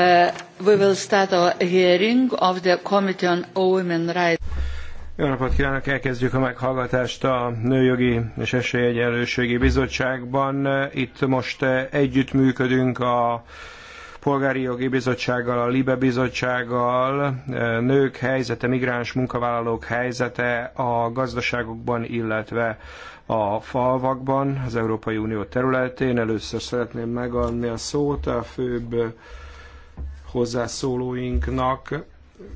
Uh, we will start hearing of the Committee on Women Rights. Jó napot kívánok, elkezdjük a meghallgatást a Nőjogi és Esélyegyenlőségi Bizottságban. Uh, itt most uh, együttműködünk a Polgári Jogi Bizottsággal, a LIBE Bizottsággal, uh, nők helyzete, migráns munkavállalók helyzete a gazdaságokban, illetve a falvakban, az Európai Unió területén. Először szeretném megadni a szót a főbb hozzászólóinknak.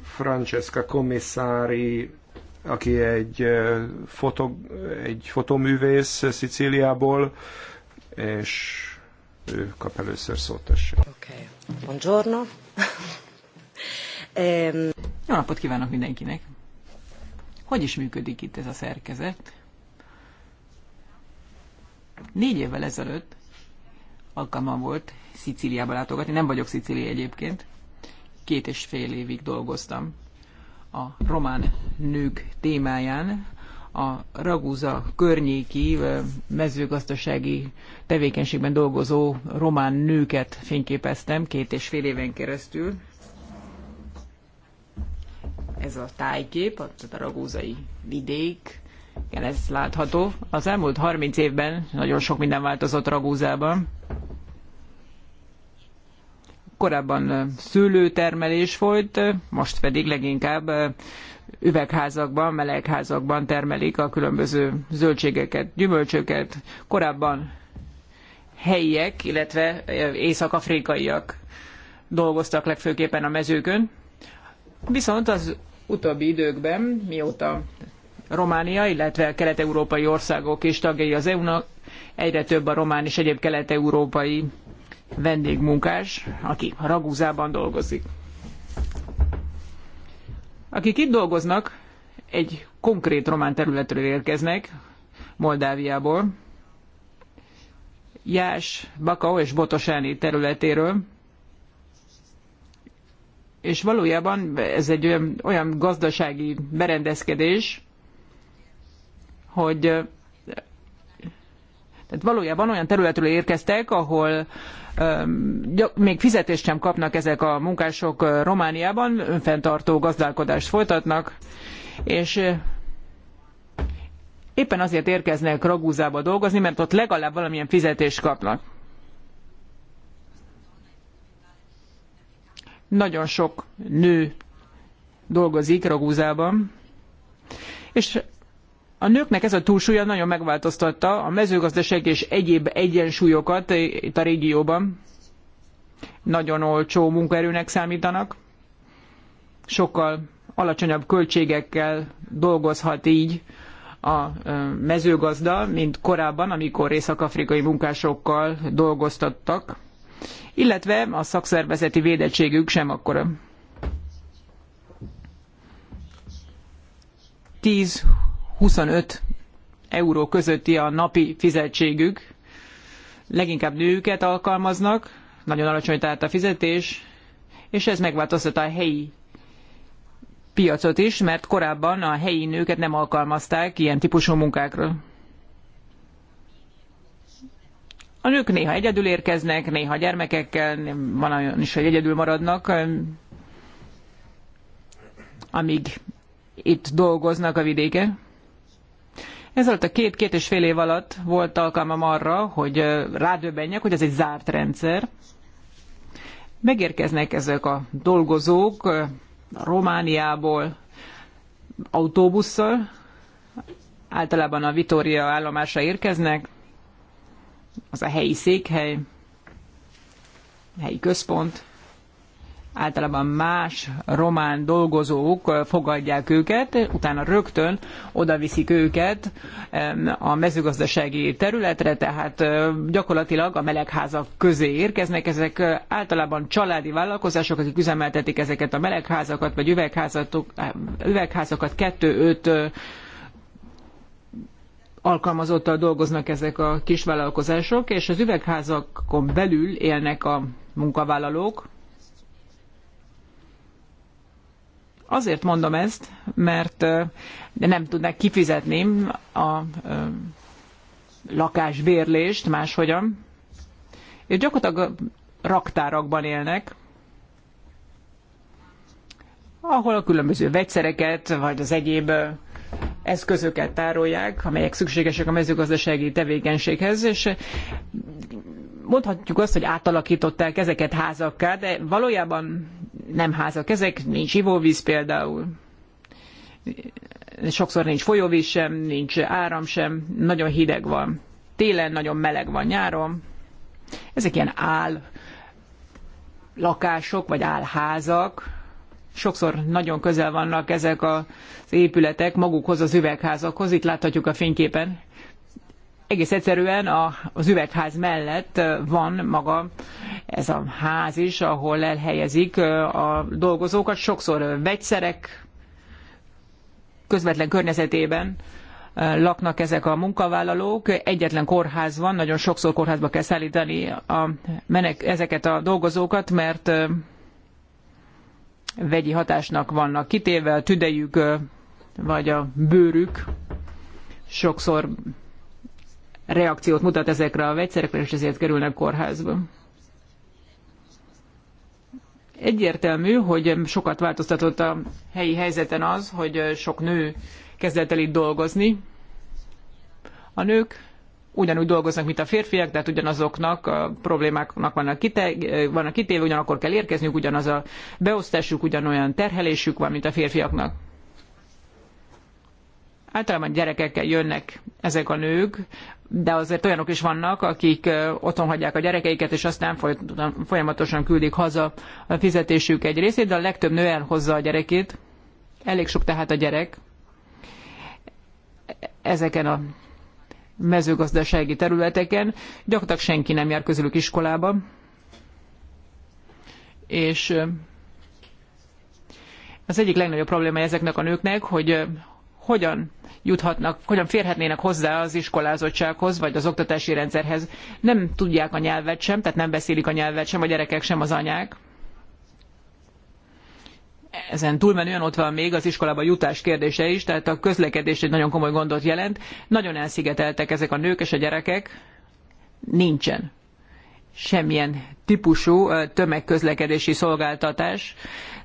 Francesca Commissari, aki egy, fotó, egy fotoművész Szicíliából, és ő kap először szót, tessék. Okay. Buongiorno. um... Jó napot kívánok mindenkinek! Hogy is működik itt ez a szerkezet? Négy évvel ezelőtt alkalma volt Szicíliába látogatni. Nem vagyok szicíli egyébként. Két és fél évig dolgoztam a román nők témáján, a Ragúza környéki mezőgazdasági tevékenységben dolgozó román nőket fényképeztem két és fél éven keresztül. Ez a tájkép, tehát a ragúzai vidék, igen, ez látható. Az elmúlt 30 évben nagyon sok minden változott Ragúzában korábban szőlőtermelés folyt, most pedig leginkább üvegházakban, melegházakban termelik a különböző zöldségeket, gyümölcsöket. Korábban helyiek, illetve észak-afrikaiak dolgoztak legfőképpen a mezőkön. Viszont az utóbbi időkben, mióta Románia, illetve kelet-európai országok és tagjai az EU-nak, egyre több a román és egyéb kelet-európai vendégmunkás, aki Ragúzában dolgozik. Akik itt dolgoznak, egy konkrét román területről érkeznek, Moldáviából, Jás, Bakao és Botosáni területéről, és valójában ez egy olyan, olyan gazdasági berendezkedés, hogy tehát valójában olyan területről érkeztek, ahol még fizetést sem kapnak ezek a munkások Romániában, önfenntartó gazdálkodást folytatnak, és éppen azért érkeznek Ragúzába dolgozni, mert ott legalább valamilyen fizetést kapnak. Nagyon sok nő dolgozik Ragúzában, és a nőknek ez a túlsúlya nagyon megváltoztatta a mezőgazdaság és egyéb egyensúlyokat itt a régióban. Nagyon olcsó munkaerőnek számítanak, sokkal alacsonyabb költségekkel dolgozhat így a mezőgazda, mint korábban, amikor észak-afrikai munkásokkal dolgoztattak, illetve a szakszervezeti védettségük sem akkora. 10 25 euró közötti a napi fizetségük. Leginkább nőket alkalmaznak, nagyon alacsony tehát a fizetés, és ez megváltoztatta a helyi piacot is, mert korábban a helyi nőket nem alkalmazták ilyen típusú munkákra. A nők néha egyedül érkeznek, néha gyermekekkel, van olyan is, hogy egyedül maradnak, amíg itt dolgoznak a vidéken. Ez alatt a két-két és fél év alatt volt alkalmam arra, hogy rádöbbenjek, hogy ez egy zárt rendszer. Megérkeznek ezek a dolgozók Romániából autóbusszal, általában a Vitória állomásra érkeznek, az a helyi székhely, helyi központ, általában más román dolgozók fogadják őket, utána rögtön oda viszik őket a mezőgazdasági területre, tehát gyakorlatilag a melegházak közé érkeznek. Ezek általában családi vállalkozások, akik üzemeltetik ezeket a melegházakat, vagy üvegházakat, kettő-öt alkalmazottal dolgoznak ezek a kisvállalkozások, és az üvegházakon belül élnek a munkavállalók, Azért mondom ezt, mert de nem tudnák kifizetni a lakásbérlést máshogyan, és gyakorlatilag raktárakban élnek, ahol a különböző vegyszereket, vagy az egyéb eszközöket tárolják, amelyek szükségesek a mezőgazdasági tevékenységhez, és mondhatjuk azt, hogy átalakították ezeket házakká, de valójában nem házak ezek, nincs ivóvíz például, sokszor nincs folyóvíz sem, nincs áram sem, nagyon hideg van. Télen nagyon meleg van nyáron. Ezek ilyen áll lakások, vagy házak. Sokszor nagyon közel vannak ezek az épületek magukhoz, az üvegházakhoz. Itt láthatjuk a fényképen egész egyszerűen a, az üvegház mellett van maga ez a ház is, ahol elhelyezik a dolgozókat, sokszor vegyszerek közvetlen környezetében laknak ezek a munkavállalók. Egyetlen kórház van, nagyon sokszor kórházba kell szállítani a menek, ezeket a dolgozókat, mert vegyi hatásnak vannak kitéve, a tüdejük vagy a bőrük sokszor reakciót mutat ezekre a vegyszerekre, és ezért kerülnek kórházba. Egyértelmű, hogy sokat változtatott a helyi helyzeten az, hogy sok nő kezdett el itt dolgozni. A nők ugyanúgy dolgoznak, mint a férfiak, tehát ugyanazoknak a problémáknak vannak, kite, vannak kitéve, ugyanakkor kell érkezniük, ugyanaz a beosztásuk, ugyanolyan terhelésük van, mint a férfiaknak. Általában gyerekekkel jönnek ezek a nők, de azért olyanok is vannak, akik otthon hagyják a gyerekeiket, és aztán folyamatosan küldik haza a fizetésük egy részét, de a legtöbb nő elhozza a gyerekét. Elég sok tehát a gyerek ezeken a mezőgazdasági területeken. Gyakorlatilag senki nem jár közülük iskolába. És az egyik legnagyobb probléma ezeknek a nőknek, hogy hogyan juthatnak, hogyan férhetnének hozzá az iskolázottsághoz, vagy az oktatási rendszerhez. Nem tudják a nyelvet sem, tehát nem beszélik a nyelvet sem a gyerekek, sem az anyák. Ezen túlmenően ott van még az iskolába jutás kérdése is, tehát a közlekedés egy nagyon komoly gondot jelent. Nagyon elszigeteltek ezek a nők és a gyerekek. Nincsen semmilyen típusú tömegközlekedési szolgáltatás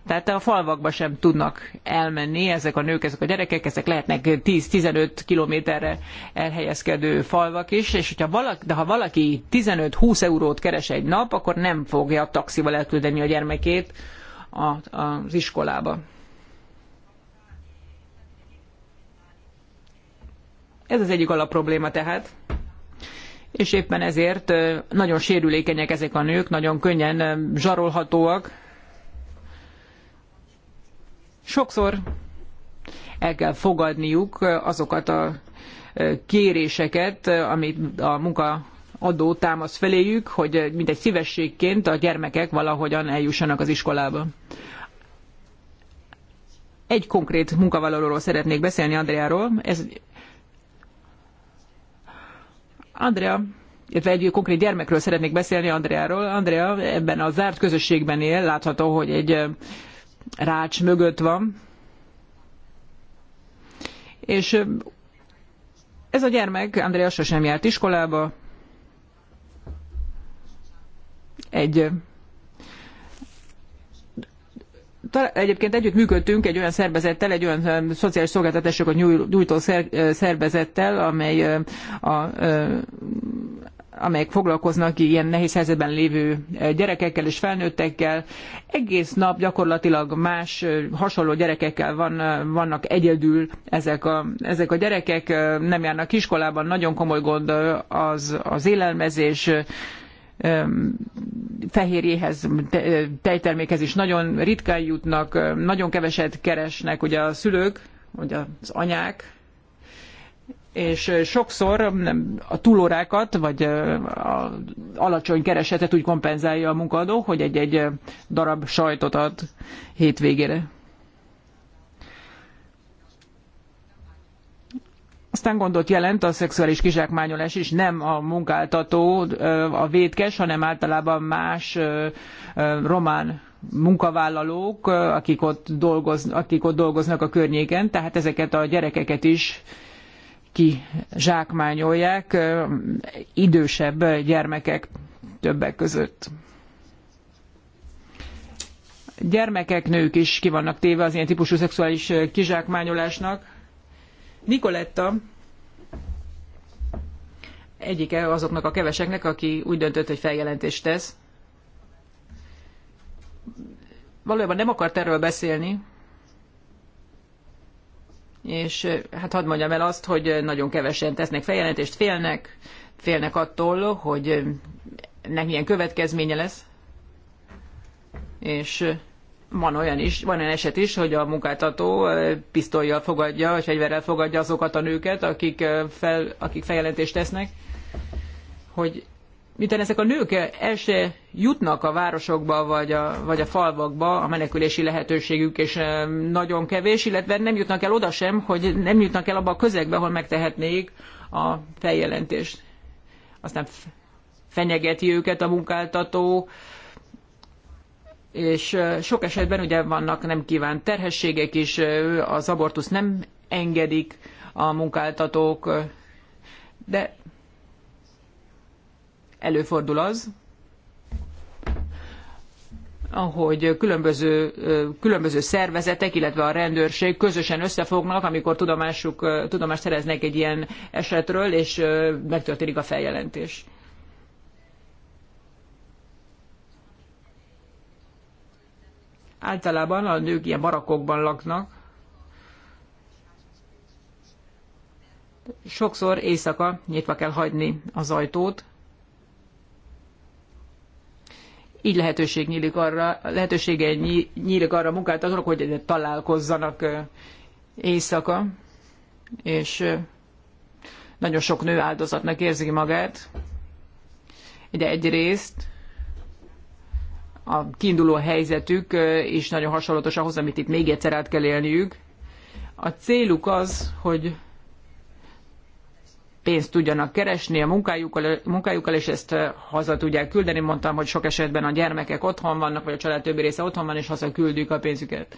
tehát a falvakba sem tudnak elmenni ezek a nők, ezek a gyerekek, ezek lehetnek 10-15 kilométerre elhelyezkedő falvak is, és hogyha valaki, de ha valaki 15-20 eurót keres egy nap, akkor nem fogja a taxival elküldeni a gyermekét a, az iskolába. Ez az egyik alapprobléma tehát. És éppen ezért nagyon sérülékenyek ezek a nők, nagyon könnyen zsarolhatóak, Sokszor el kell fogadniuk azokat a kéréseket, amit a munkaadó támasz feléjük, hogy mindegy szívességként a gyermekek valahogyan eljussanak az iskolába. Egy konkrét munkavállalóról szeretnék beszélni, Andreáról. Ez Andrea, illetve egy konkrét gyermekről szeretnék beszélni, Andreáról. Andrea ebben a zárt közösségben él, látható, hogy egy rács mögött van. És ez a gyermek, Andrea sosem járt iskolába, egy Egyébként együtt működtünk egy olyan szervezettel, egy olyan szociális szolgáltatásokat nyújtó szervezettel, amely a amelyek foglalkoznak ilyen nehéz helyzetben lévő eh, gyerekekkel és felnőttekkel. Egész nap gyakorlatilag más eh, hasonló gyerekekkel van, eh, vannak egyedül ezek a, ezek a gyerekek, nem járnak iskolában, nagyon komoly gond az, az élelmezés, fehérjéhez, tejtermékhez is nagyon ritkán jutnak, nagyon keveset keresnek ugye a szülők, vagy az anyák, és sokszor a túlórákat, vagy a alacsony keresetet úgy kompenzálja a munkadó, hogy egy-egy darab sajtot ad hétvégére. Aztán gondot jelent a szexuális kizsákmányolás is, nem a munkáltató a vétkes, hanem általában más román munkavállalók, akik ott, dolgoz, akik ott dolgoznak a környéken, tehát ezeket a gyerekeket is kizsákmányolják idősebb gyermekek többek között. Gyermekek, nők is ki vannak téve az ilyen típusú szexuális kizsákmányolásnak. Nikoletta egyike azoknak a keveseknek, aki úgy döntött, hogy feljelentést tesz. Valójában nem akart erről beszélni, és hát hadd mondjam el azt, hogy nagyon kevesen tesznek feljelentést, félnek, félnek attól, hogy ennek milyen következménye lesz, és van olyan is, van olyan eset is, hogy a munkáltató pisztolyjal fogadja, vagy fegyverrel fogadja azokat a nőket, akik, fel, akik feljelentést tesznek, hogy miután ezek a nők el se jutnak a városokba vagy a, vagy a falvakba, a menekülési lehetőségük és nagyon kevés, illetve nem jutnak el oda sem, hogy nem jutnak el abba a közegbe, ahol megtehetnék a feljelentést. Aztán fenyegeti őket a munkáltató, és sok esetben ugye vannak nem kívánt terhességek is, az abortusz nem engedik a munkáltatók, de Előfordul az, hogy különböző, különböző szervezetek, illetve a rendőrség közösen összefognak, amikor tudomásuk, tudomást szereznek egy ilyen esetről, és megtörténik a feljelentés. Általában a nők ilyen barakokban laknak. Sokszor éjszaka nyitva kell hagyni az ajtót, így lehetőség nyílik arra, lehetősége nyílik arra a munkáltatónak, hogy találkozzanak éjszaka, és nagyon sok nő áldozatnak érzi magát. De egyrészt a kiinduló helyzetük is nagyon hasonlatos ahhoz, amit itt még egyszer át kell élniük. A céluk az, hogy pénzt tudjanak keresni a munkájukkal, munkájukkal és ezt eh, haza tudják küldeni. Mondtam, hogy sok esetben a gyermekek otthon vannak, vagy a család többi része otthon van, és haza küldjük a pénzüket.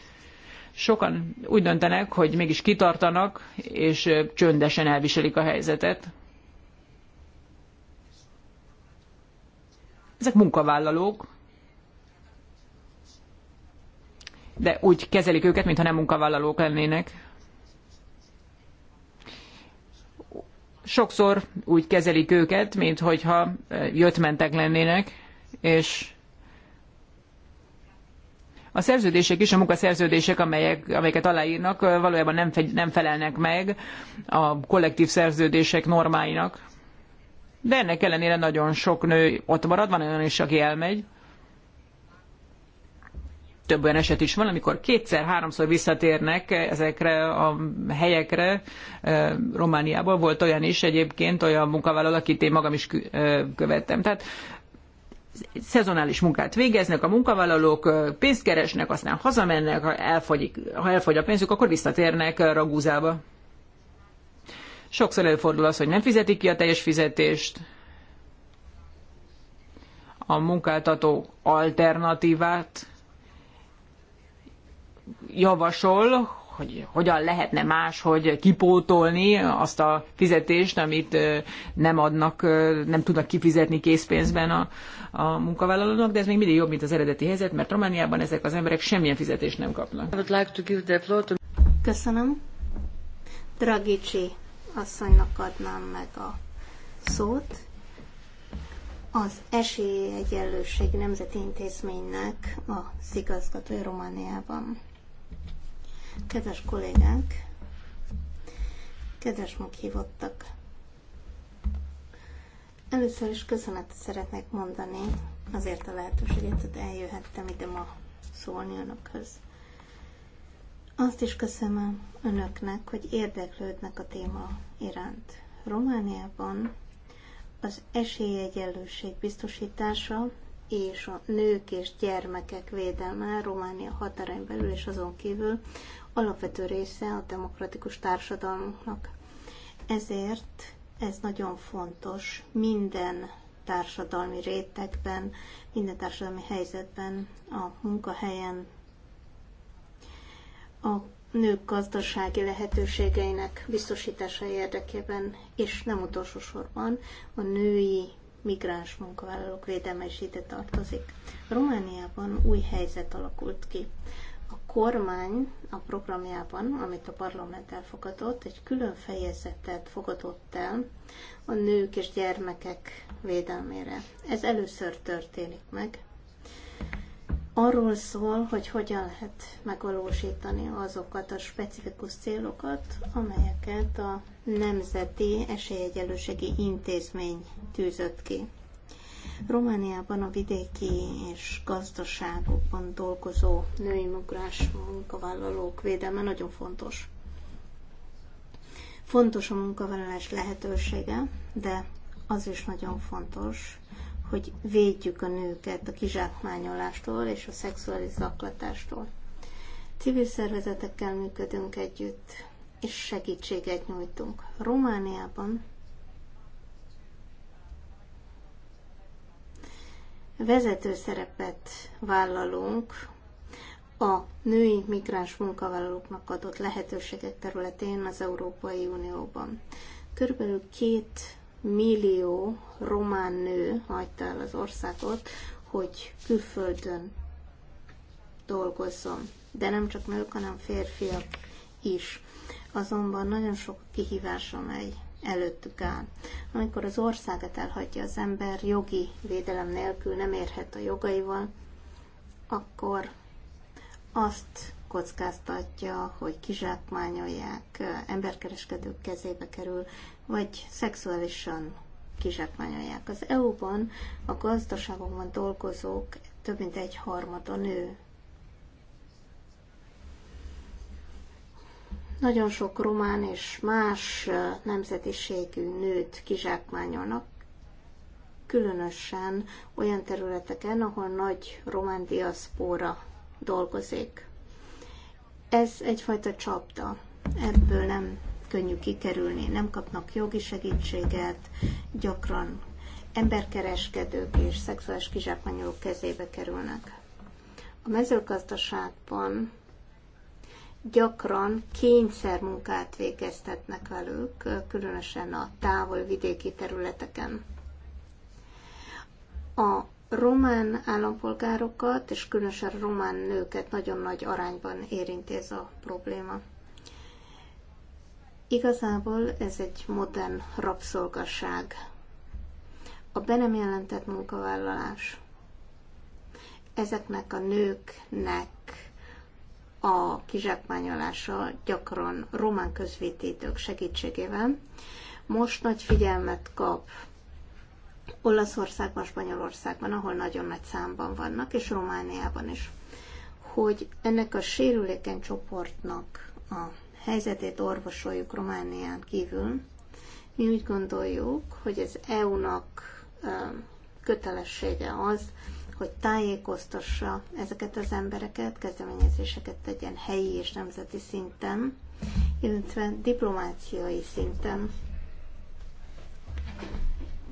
Sokan úgy döntenek, hogy mégis kitartanak, és eh, csöndesen elviselik a helyzetet. Ezek munkavállalók, de úgy kezelik őket, mintha nem munkavállalók lennének. sokszor úgy kezelik őket, mint hogyha jöttmentek lennének, és a szerződések is, a munkaszerződések, amelyek, amelyeket aláírnak, valójában nem, nem felelnek meg a kollektív szerződések normáinak. De ennek ellenére nagyon sok nő ott marad, van olyan is, aki elmegy több olyan eset is van, amikor kétszer-háromszor visszatérnek ezekre a helyekre. Romániában volt olyan is egyébként, olyan munkavállaló, akit én magam is követtem. Tehát szezonális munkát végeznek, a munkavállalók pénzt keresnek, aztán hazamennek, ha, elfogyik, ha elfogy a pénzük, akkor visszatérnek Ragúzába. Sokszor előfordul az, hogy nem fizetik ki a teljes fizetést, a munkáltató alternatívát javasol, hogy hogyan lehetne más, hogy kipótolni azt a fizetést, amit nem adnak, nem tudnak kifizetni készpénzben a, a munkavállalónak, de ez még mindig jobb, mint az eredeti helyzet, mert Romániában ezek az emberek semmilyen fizetést nem kapnak. Köszönöm. Dragicsi asszonynak adnám meg a szót. Az Esélyegyenlőség Nemzeti Intézménynek a igazgatója Romániában. Kedves kollégák, kedves meghívottak, először is köszönetet szeretnék mondani azért a lehetőséget, hogy eljöhettem ide ma szólni önökhöz. Azt is köszönöm önöknek, hogy érdeklődnek a téma iránt. Romániában az esélyegyenlőség biztosítása és a nők és gyermekek védelme Románia határain belül és azon kívül alapvető része a demokratikus társadalmunknak. Ezért ez nagyon fontos minden társadalmi rétegben, minden társadalmi helyzetben, a munkahelyen, a nők gazdasági lehetőségeinek biztosítása érdekében, és nem utolsó sorban a női migráns munkavállalók védelme is ide tartozik. Romániában új helyzet alakult ki kormány a programjában, amit a parlament elfogadott, egy külön fejezetet fogadott el a nők és gyermekek védelmére. Ez először történik meg. Arról szól, hogy hogyan lehet megvalósítani azokat a specifikus célokat, amelyeket a Nemzeti Esélyegyelőségi Intézmény tűzött ki. Romániában a vidéki és gazdaságokban dolgozó női munkás munkavállalók védelme nagyon fontos. Fontos a munkavállalás lehetősége, de az is nagyon fontos, hogy védjük a nőket a kizsákmányolástól és a szexuális zaklatástól. Civil szervezetekkel működünk együtt, és segítséget nyújtunk. Romániában vezető szerepet vállalunk a női migráns munkavállalóknak adott lehetőségek területén az Európai Unióban. Körülbelül két millió román nő hagyta el az országot, hogy külföldön dolgozzon. De nem csak nők, hanem férfiak is. Azonban nagyon sok kihívás, amely előttük áll. Amikor az országát elhagyja az ember, jogi védelem nélkül nem érhet a jogaival, akkor azt kockáztatja, hogy kizsákmányolják, emberkereskedők kezébe kerül, vagy szexuálisan kizsákmányolják. Az EU-ban a gazdaságokban dolgozók több mint egy harmada nő. Nagyon sok román és más nemzetiségű nőt kizsákmányolnak, különösen olyan területeken, ahol nagy román diaszpóra dolgozik. Ez egyfajta csapda. Ebből nem könnyű kikerülni. Nem kapnak jogi segítséget, gyakran emberkereskedők és szexuális kizsákmányolók kezébe kerülnek. A mezőgazdaságban gyakran kényszermunkát végeztetnek velük, különösen a távol vidéki területeken. A román állampolgárokat, és különösen a román nőket nagyon nagy arányban érinti ez a probléma. Igazából ez egy modern rabszolgaság. A be nem jelentett munkavállalás. Ezeknek a nőknek a kizsákmányolása gyakran román közvetítők segítségével. Most nagy figyelmet kap Olaszországban, Spanyolországban, ahol nagyon nagy számban vannak, és Romániában is, hogy ennek a sérülékeny csoportnak a helyzetét orvosoljuk Románián kívül. Mi úgy gondoljuk, hogy az EU-nak kötelessége az, hogy tájékoztassa ezeket az embereket, kezdeményezéseket tegyen helyi és nemzeti szinten, illetve diplomáciai szinten,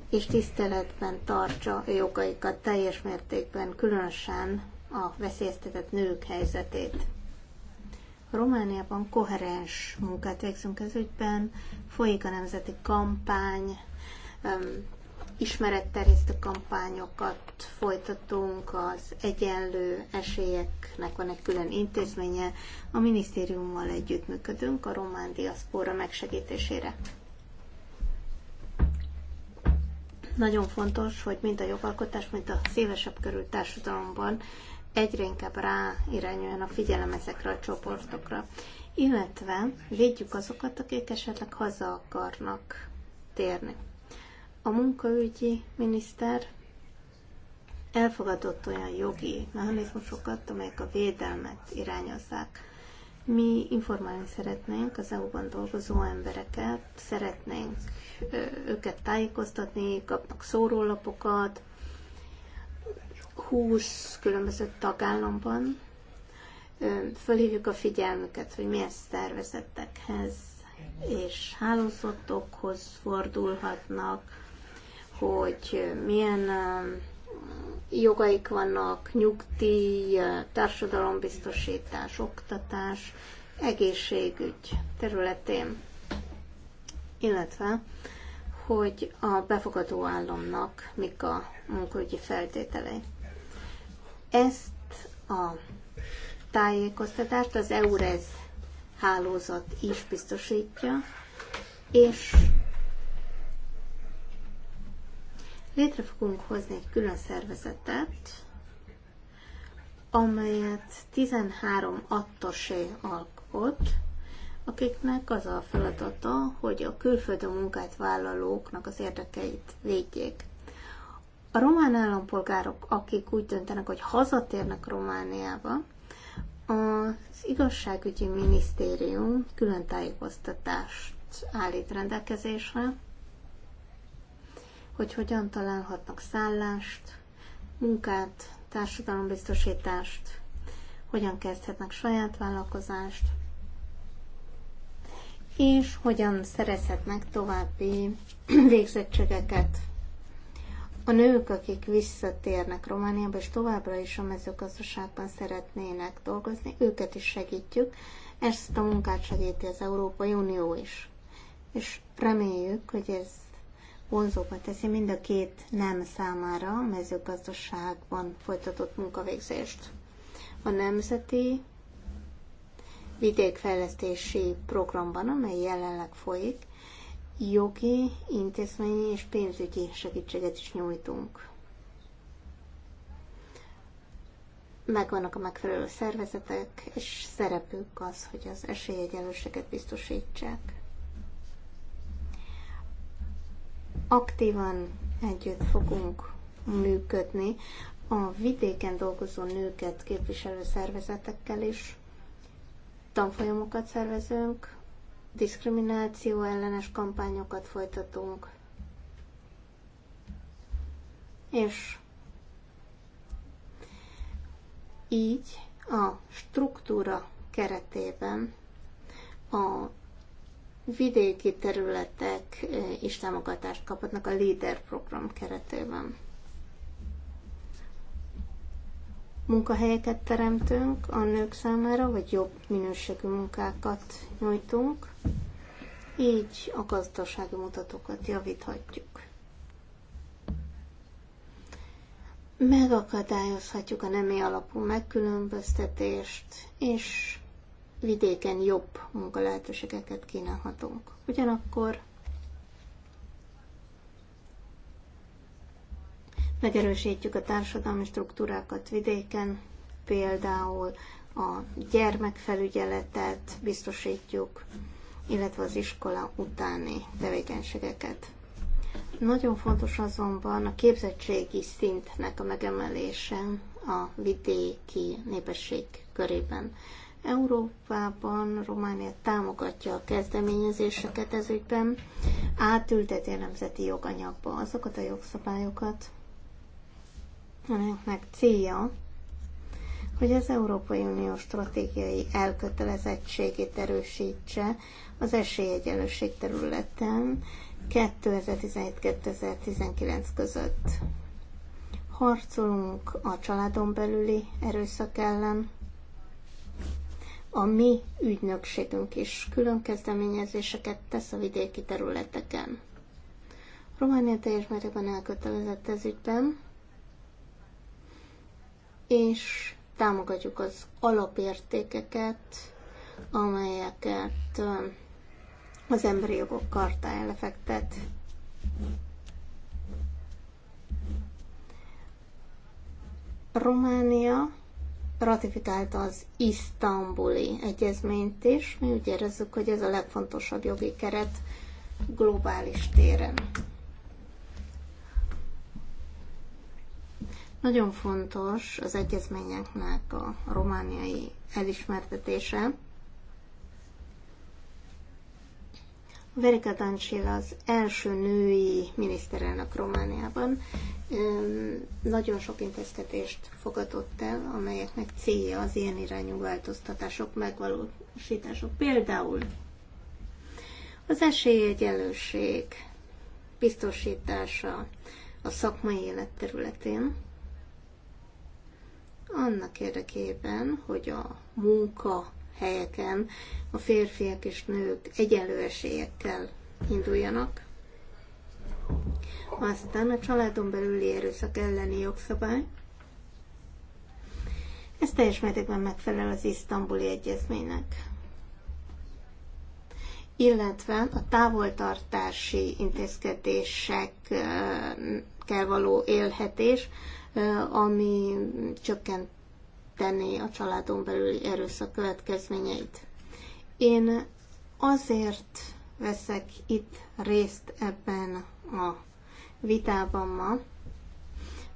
és tiszteletben tartsa a jogaikat teljes mértékben, különösen a veszélyeztetett nők helyzetét. Romániában koherens munkát végzünk ez ügyben, folyik a nemzeti kampány, ismeretterjesztő kampányokat folytatunk, az egyenlő esélyeknek van egy külön intézménye, a minisztériummal együttműködünk a román diaszpóra megsegítésére. Nagyon fontos, hogy mind a jogalkotás, mind a szélesebb körül társadalomban egyre inkább ráirányuljon a figyelem ezekre a csoportokra, illetve védjük azokat, akik esetleg haza akarnak térni a munkaügyi miniszter elfogadott olyan jogi mechanizmusokat, amelyek a védelmet irányozzák. Mi informálni szeretnénk az EU-ban dolgozó embereket, szeretnénk őket tájékoztatni, kapnak szórólapokat, 20 különböző tagállamban, fölhívjuk a figyelmüket, hogy milyen szervezetekhez és hálózatokhoz fordulhatnak, hogy milyen jogaik vannak, nyugdíj, társadalombiztosítás, oktatás, egészségügy területén, illetve hogy a befogadó államnak mik a munkaügyi feltételei. Ezt a tájékoztatást az EURES hálózat is biztosítja, és Létre fogunk hozni egy külön szervezetet, amelyet 13 attosé alkot, akiknek az a feladata, hogy a külföldön munkát vállalóknak az érdekeit védjék. A román állampolgárok, akik úgy döntenek, hogy hazatérnek Romániába, az igazságügyi minisztérium külön tájékoztatást állít rendelkezésre, hogy hogyan találhatnak szállást, munkát, társadalombiztosítást, hogyan kezdhetnek saját vállalkozást, és hogyan szerezhetnek további végzettségeket. A nők, akik visszatérnek Romániába, és továbbra is a mezőgazdaságban szeretnének dolgozni, őket is segítjük. Ezt a munkát segíti az Európai Unió is. És reméljük, hogy ez vonzóba teszi mind a két nem számára a mezőgazdaságban folytatott munkavégzést. A Nemzeti Vidékfejlesztési Programban, amely jelenleg folyik, jogi, intézményi és pénzügyi segítséget is nyújtunk. Megvannak a megfelelő szervezetek, és szerepük az, hogy az esélyegyenlőséget biztosítsák. aktívan együtt fogunk működni a vidéken dolgozó nőket képviselő szervezetekkel is. Tanfolyamokat szervezünk, diszkrimináció ellenes kampányokat folytatunk, és így a struktúra keretében a vidéki területek eh, is támogatást kaphatnak a LEADER program keretében. Munkahelyeket teremtünk a nők számára, vagy jobb minőségű munkákat nyújtunk, így a gazdasági mutatókat javíthatjuk. Megakadályozhatjuk a nemi alapú megkülönböztetést, és vidéken jobb munkalehetőségeket kínálhatunk. Ugyanakkor megerősítjük a társadalmi struktúrákat vidéken, például a gyermekfelügyeletet biztosítjuk, illetve az iskola utáni tevékenységeket. Nagyon fontos azonban a képzettségi szintnek a megemelése a vidéki népesség körében. Európában Románia támogatja a kezdeményezéseket ez ügyben, átülteti a nemzeti joganyagba azokat a jogszabályokat, amelyeknek célja, hogy az Európai Unió stratégiai elkötelezettségét erősítse az esélyegyenlőség területen 2017-2019 között. Harcolunk a családon belüli erőszak ellen, a mi ügynökségünk is külön kezdeményezéseket tesz a vidéki területeken. Románia teljes mértékben elkötelezett ez ügyben, és támogatjuk az alapértékeket, amelyeket az emberi jogok kartája lefektet. Románia ratifikálta az isztambuli egyezményt is. Mi úgy érezzük, hogy ez a legfontosabb jogi keret globális téren. Nagyon fontos az egyezményeknek a romániai elismertetése, Verika Dancsil az első női miniszterelnök Romániában nagyon sok intézkedést fogadott el, amelyeknek célja az ilyen irányú változtatások, megvalósítások. Például az esélyegyenlőség biztosítása a szakmai élet területén, annak érdekében, hogy a munka helyeken a férfiak és nők egyenlő esélyekkel induljanak. Aztán a családon belüli erőszak elleni jogszabály. Ez teljes mértékben megfelel az isztambuli egyezménynek. Illetve a távoltartási intézkedésekkel való élhetés, ami csökkent megtenni a családon belüli erőszak következményeit. Én azért veszek itt részt ebben a vitában ma,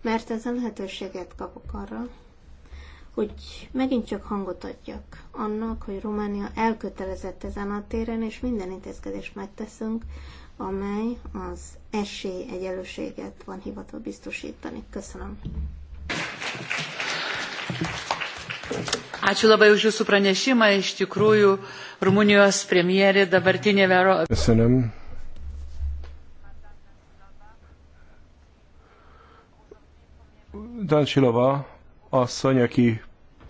mert ezen lehetőséget kapok arra, hogy megint csak hangot adjak annak, hogy Románia elkötelezett ezen a téren, és minden intézkedést megteszünk, amely az esélyegyelőséget van hivatott biztosítani. Köszönöm. Ačiū labai už jūsų pranešimą. Iš tikrųjų, Rumunijos premjerė dabartinė Vero... Köszönöm. Dancsilova asszony, aki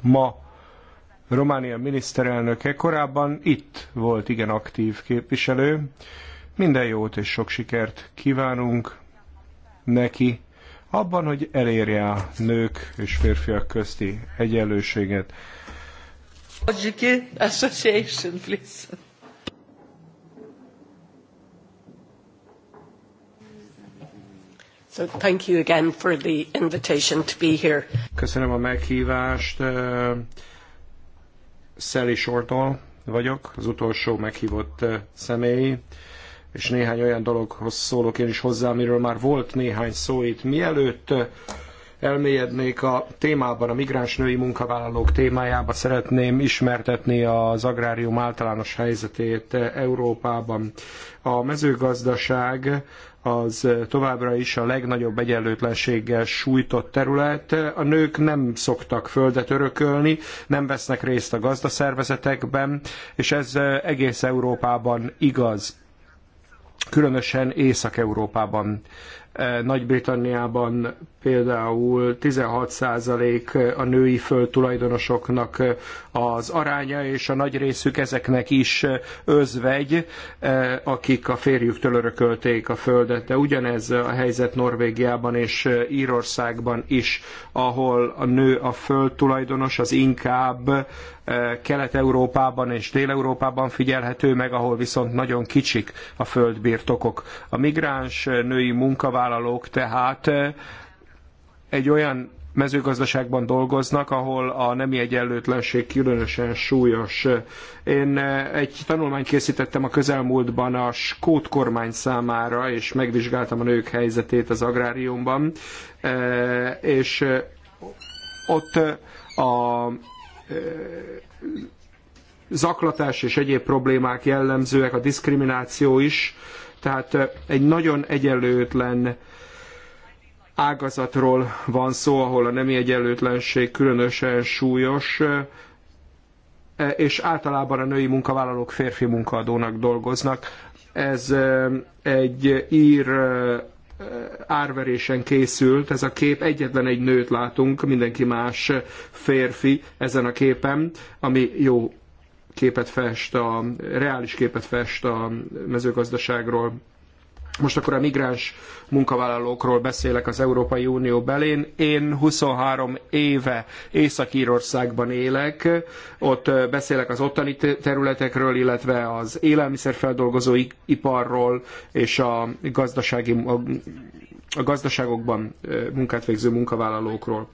ma Románia miniszterelnöke, korábban itt volt igen aktív képviselő. Minden jót és sok sikert kívánunk neki abban, hogy elérje a nők és férfiak közti egyenlőséget. Association, please. So thank you again for the invitation to be here. Köszönöm a meghívást. Eh, Sally Shortall vagyok, az utolsó meghívott eh, személy és néhány olyan dologhoz szólok én is hozzá, amiről már volt néhány szó itt. Mielőtt elmélyednék a témában, a migráns női munkavállalók témájába, szeretném ismertetni az agrárium általános helyzetét Európában. A mezőgazdaság az továbbra is a legnagyobb egyenlőtlenséggel sújtott terület. A nők nem szoktak földet örökölni, nem vesznek részt a gazdaszervezetekben, és ez egész Európában igaz különösen Észak-Európában. Nagy-Britanniában például 16% a női földtulajdonosoknak az aránya, és a nagy részük ezeknek is özvegy, akik a férjüktől örökölték a földet. De ugyanez a helyzet Norvégiában és Írországban is, ahol a nő a földtulajdonos, az inkább eh, Kelet-Európában és Dél-Európában figyelhető meg, ahol viszont nagyon kicsik a földbirtokok. A migráns női munkavállalók munkavállalók tehát eh, egy olyan mezőgazdaságban dolgoznak, ahol a nemi egyenlőtlenség különösen súlyos. Én eh, egy tanulmányt készítettem a közelmúltban a skót kormány számára, és megvizsgáltam a nők helyzetét az agráriumban, eh, és ott a zaklatás és egyéb problémák jellemzőek, a diszkrimináció is, tehát egy nagyon egyenlőtlen ágazatról van szó, ahol a nemi egyenlőtlenség különösen súlyos, e, és általában a női munkavállalók férfi munkaadónak dolgoznak. Ez egy ír árverésen készült, ez a kép, egyetlen egy nőt látunk, mindenki más férfi ezen a képen, ami jó képet fest, a reális képet fest a mezőgazdaságról. Most akkor a migráns munkavállalókról beszélek az Európai Unió belén. Én 23 éve Észak-Írországban élek, ott beszélek az ottani területekről, illetve az élelmiszerfeldolgozó iparról és a, gazdasági, a, gazdaságokban munkát végző munkavállalókról.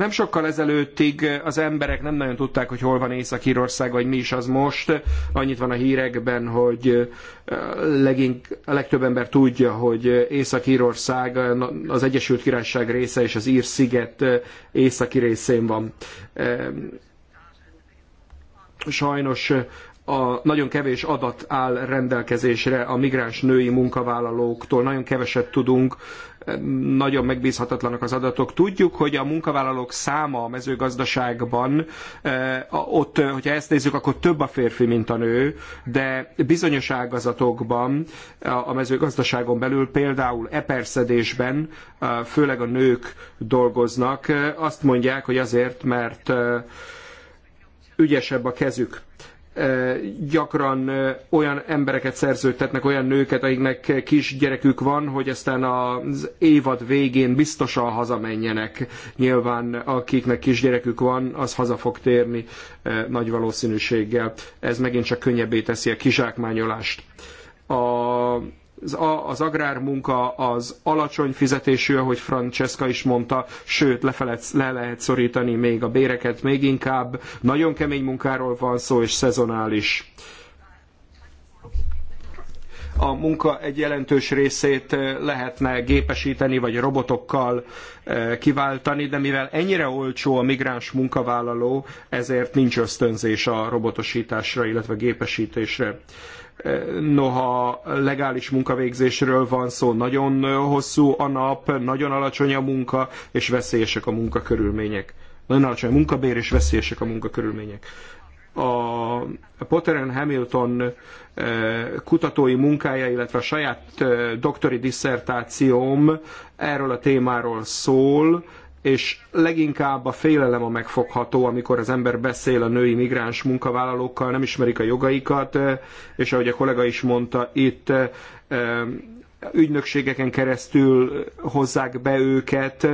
Nem sokkal ezelőttig az emberek nem nagyon tudták, hogy hol van Észak-Írország, vagy mi is az most. Annyit van a hírekben, hogy legink, a legtöbb ember tudja, hogy Észak-Írország az Egyesült Királyság része és az Ír-sziget északi részén van. Sajnos a nagyon kevés adat áll rendelkezésre a migráns női munkavállalóktól, nagyon keveset tudunk nagyon megbízhatatlanak az adatok. Tudjuk, hogy a munkavállalók száma a mezőgazdaságban, eh, ott, eh, hogyha ezt nézzük, akkor több a férfi, mint a nő, de bizonyos ágazatokban a mezőgazdaságon belül, például eperszedésben, eh, főleg a nők dolgoznak, azt mondják, hogy azért, mert ügyesebb a kezük gyakran olyan embereket szerződtetnek, olyan nőket, akiknek kis gyerekük van, hogy aztán az évad végén biztosan hazamenjenek. Nyilván akiknek kis gyerekük van, az haza fog térni nagy valószínűséggel. Ez megint csak könnyebbé teszi a kizsákmányolást. A az agrármunka az alacsony fizetésű, ahogy Francesca is mondta, sőt lefelet, le lehet szorítani még a béreket még inkább. Nagyon kemény munkáról van szó, és szezonális a munka egy jelentős részét eh, lehetne gépesíteni vagy robotokkal eh, kiváltani, de mivel ennyire olcsó a migráns munkavállaló, ezért nincs ösztönzés a robotosításra, illetve gépesítésre noha legális munkavégzésről van szó, nagyon hosszú a nap, nagyon alacsony a munka, és veszélyesek a munkakörülmények. Nagyon alacsony a munkabér, és veszélyesek a munkakörülmények. A Potter and Hamilton eh, kutatói munkája, illetve a saját eh, doktori disszertációm erről a témáról szól, és leginkább a félelem a megfogható, amikor az ember beszél a női migráns munkavállalókkal, nem ismerik a jogaikat, eh, és ahogy a kollega is mondta, itt eh, ügynökségeken keresztül hozzák be őket,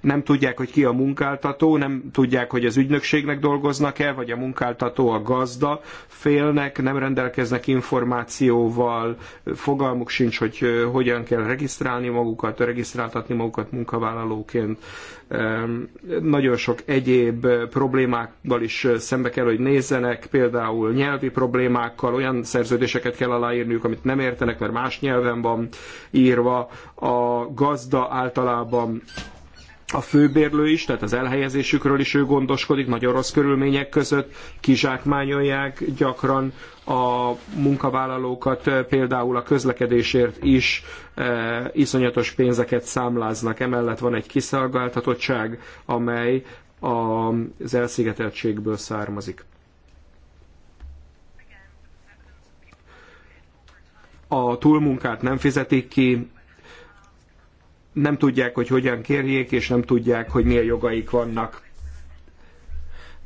nem tudják, hogy ki a munkáltató, nem tudják, hogy az ügynökségnek dolgoznak-e, vagy a munkáltató a gazda, félnek, nem rendelkeznek információval, fogalmuk sincs, hogy eh, hogyan kell regisztrálni magukat, regisztráltatni magukat munkavállalóként. Nagyon sok egyéb eh, problémákkal is eh, szembe kell, hogy nézzenek, például nyelvi problémákkal, olyan szerződéseket kell aláírniuk, amit nem értenek, mert más nyelven van, írva, a gazda általában a főbérlő is, tehát az elhelyezésükről is ő gondoskodik, nagyon rossz körülmények között kizsákmányolják gyakran a munkavállalókat, például a közlekedésért is e, iszonyatos pénzeket számláznak. Emellett van egy kiszolgáltatottság, amely az elszigeteltségből származik. a túlmunkát nem fizetik ki, nem tudják, hogy hogyan kérjék, és nem tudják, hogy milyen jogaik vannak.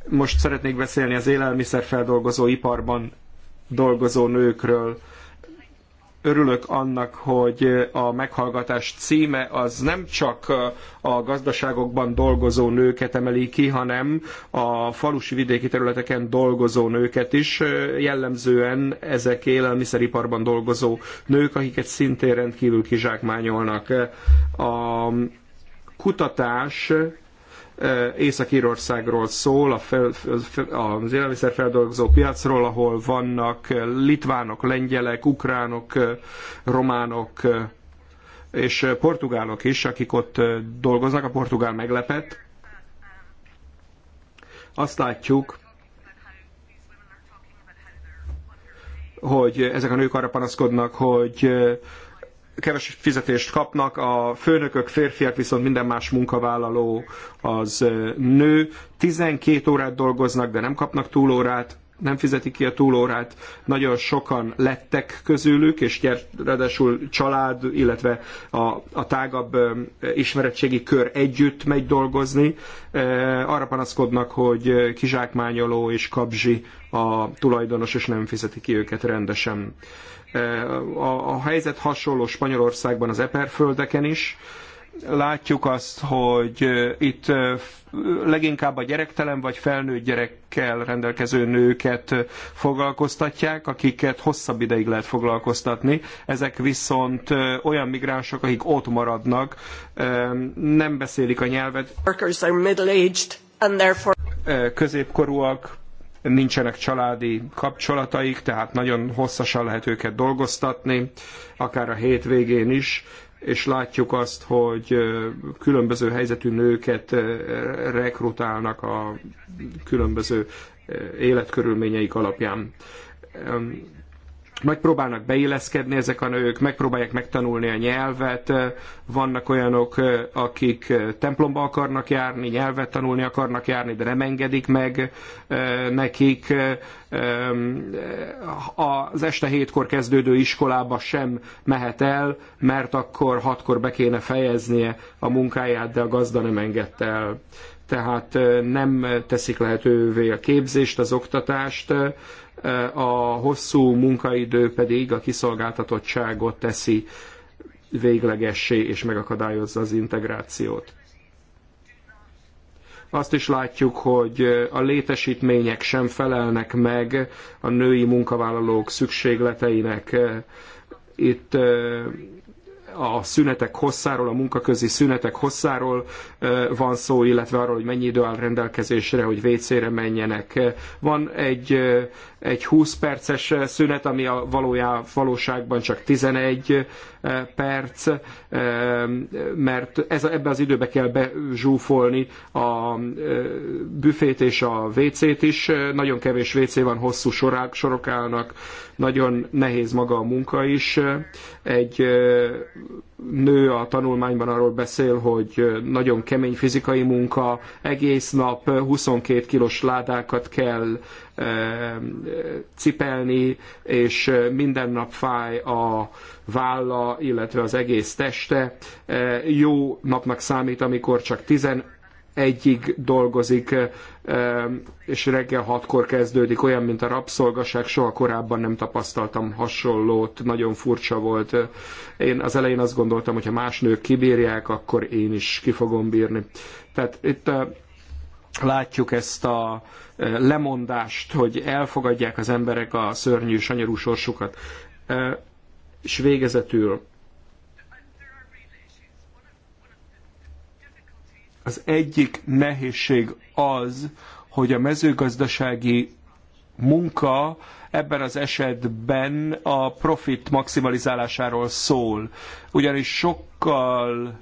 Most szeretnék beszélni az élelmiszerfeldolgozó iparban dolgozó nőkről, örülök annak, hogy a meghallgatás címe az nem csak a gazdaságokban dolgozó nőket emeli ki, hanem a falusi vidéki területeken dolgozó nőket is, jellemzően ezek élelmiszeriparban dolgozó nők, akiket szintén rendkívül kizsákmányolnak. A kutatás Észak-Írországról szól, a fel, az élelmiszerfeldolgozó piacról, ahol vannak litvánok, lengyelek, ukránok, románok és portugálok is, akik ott dolgoznak. A portugál meglepett. Azt látjuk, hogy ezek a nők arra panaszkodnak, hogy keves fizetést kapnak, a főnökök férfiak, viszont minden más munkavállaló az nő. 12 órát dolgoznak, de nem kapnak túlórát, nem fizetik ki a túlórát, nagyon sokan lettek közülük, és ráadásul család, illetve a, a tágabb ismeretségi kör együtt megy dolgozni. Arra panaszkodnak, hogy kizsákmányoló és kabzsi a tulajdonos, és nem fizeti ki őket rendesen. A, a helyzet hasonló Spanyolországban, az Eper földeken is. Látjuk azt, hogy itt leginkább a gyerektelen vagy felnőtt gyerekkel rendelkező nőket foglalkoztatják, akiket hosszabb ideig lehet foglalkoztatni. Ezek viszont olyan migránsok, akik ott maradnak, nem beszélik a nyelvet. Középkorúak, nincsenek családi kapcsolataik, tehát nagyon hosszasan lehet őket dolgoztatni, akár a hétvégén is, és látjuk azt, hogy különböző helyzetű nőket rekrutálnak a különböző életkörülményeik alapján megpróbálnak beilleszkedni ezek a nők, megpróbálják megtanulni a nyelvet, vannak olyanok, akik templomba akarnak járni, nyelvet tanulni akarnak járni, de nem engedik meg eh, nekik. Eh, eh, az este hétkor kezdődő iskolába sem mehet el, mert akkor hatkor be kéne fejeznie a munkáját, de a gazda nem engedte el tehát nem teszik lehetővé a képzést, az oktatást, a hosszú munkaidő pedig a kiszolgáltatottságot teszi véglegessé és megakadályozza az integrációt. Azt is látjuk, hogy a létesítmények sem felelnek meg a női munkavállalók szükségleteinek. Itt a szünetek hosszáról, a munkaközi szünetek hosszáról van szó, illetve arról, hogy mennyi idő áll rendelkezésre, hogy WC-re menjenek. Van egy egy 20 perces szünet, ami a valójá, valóságban csak 11 eh, perc, eh, mert ez, ebbe az időbe kell bezsúfolni a eh, büfét és a WC-t is. Nagyon kevés WC van, hosszú sorák, sorok állnak, nagyon nehéz maga a munka is. Egy nő a tanulmányban arról beszél, hogy nagyon kemény fizikai munka, egész nap 22 kilós ládákat kell cipelni, és minden nap fáj a válla, illetve az egész teste. Jó napnak számít, amikor csak 11-ig dolgozik, és reggel hatkor kezdődik, olyan, mint a rabszolgaság, soha korábban nem tapasztaltam hasonlót, nagyon furcsa volt. Én az elején azt gondoltam, hogy ha más nők kibírják, akkor én is ki fogom bírni. Tehát itt látjuk ezt a e, lemondást, hogy elfogadják az emberek a szörnyű, sanyarú sorsukat. E, és végezetül az egyik nehézség az, hogy a mezőgazdasági munka ebben az esetben a profit maximalizálásáról szól. Ugyanis sokkal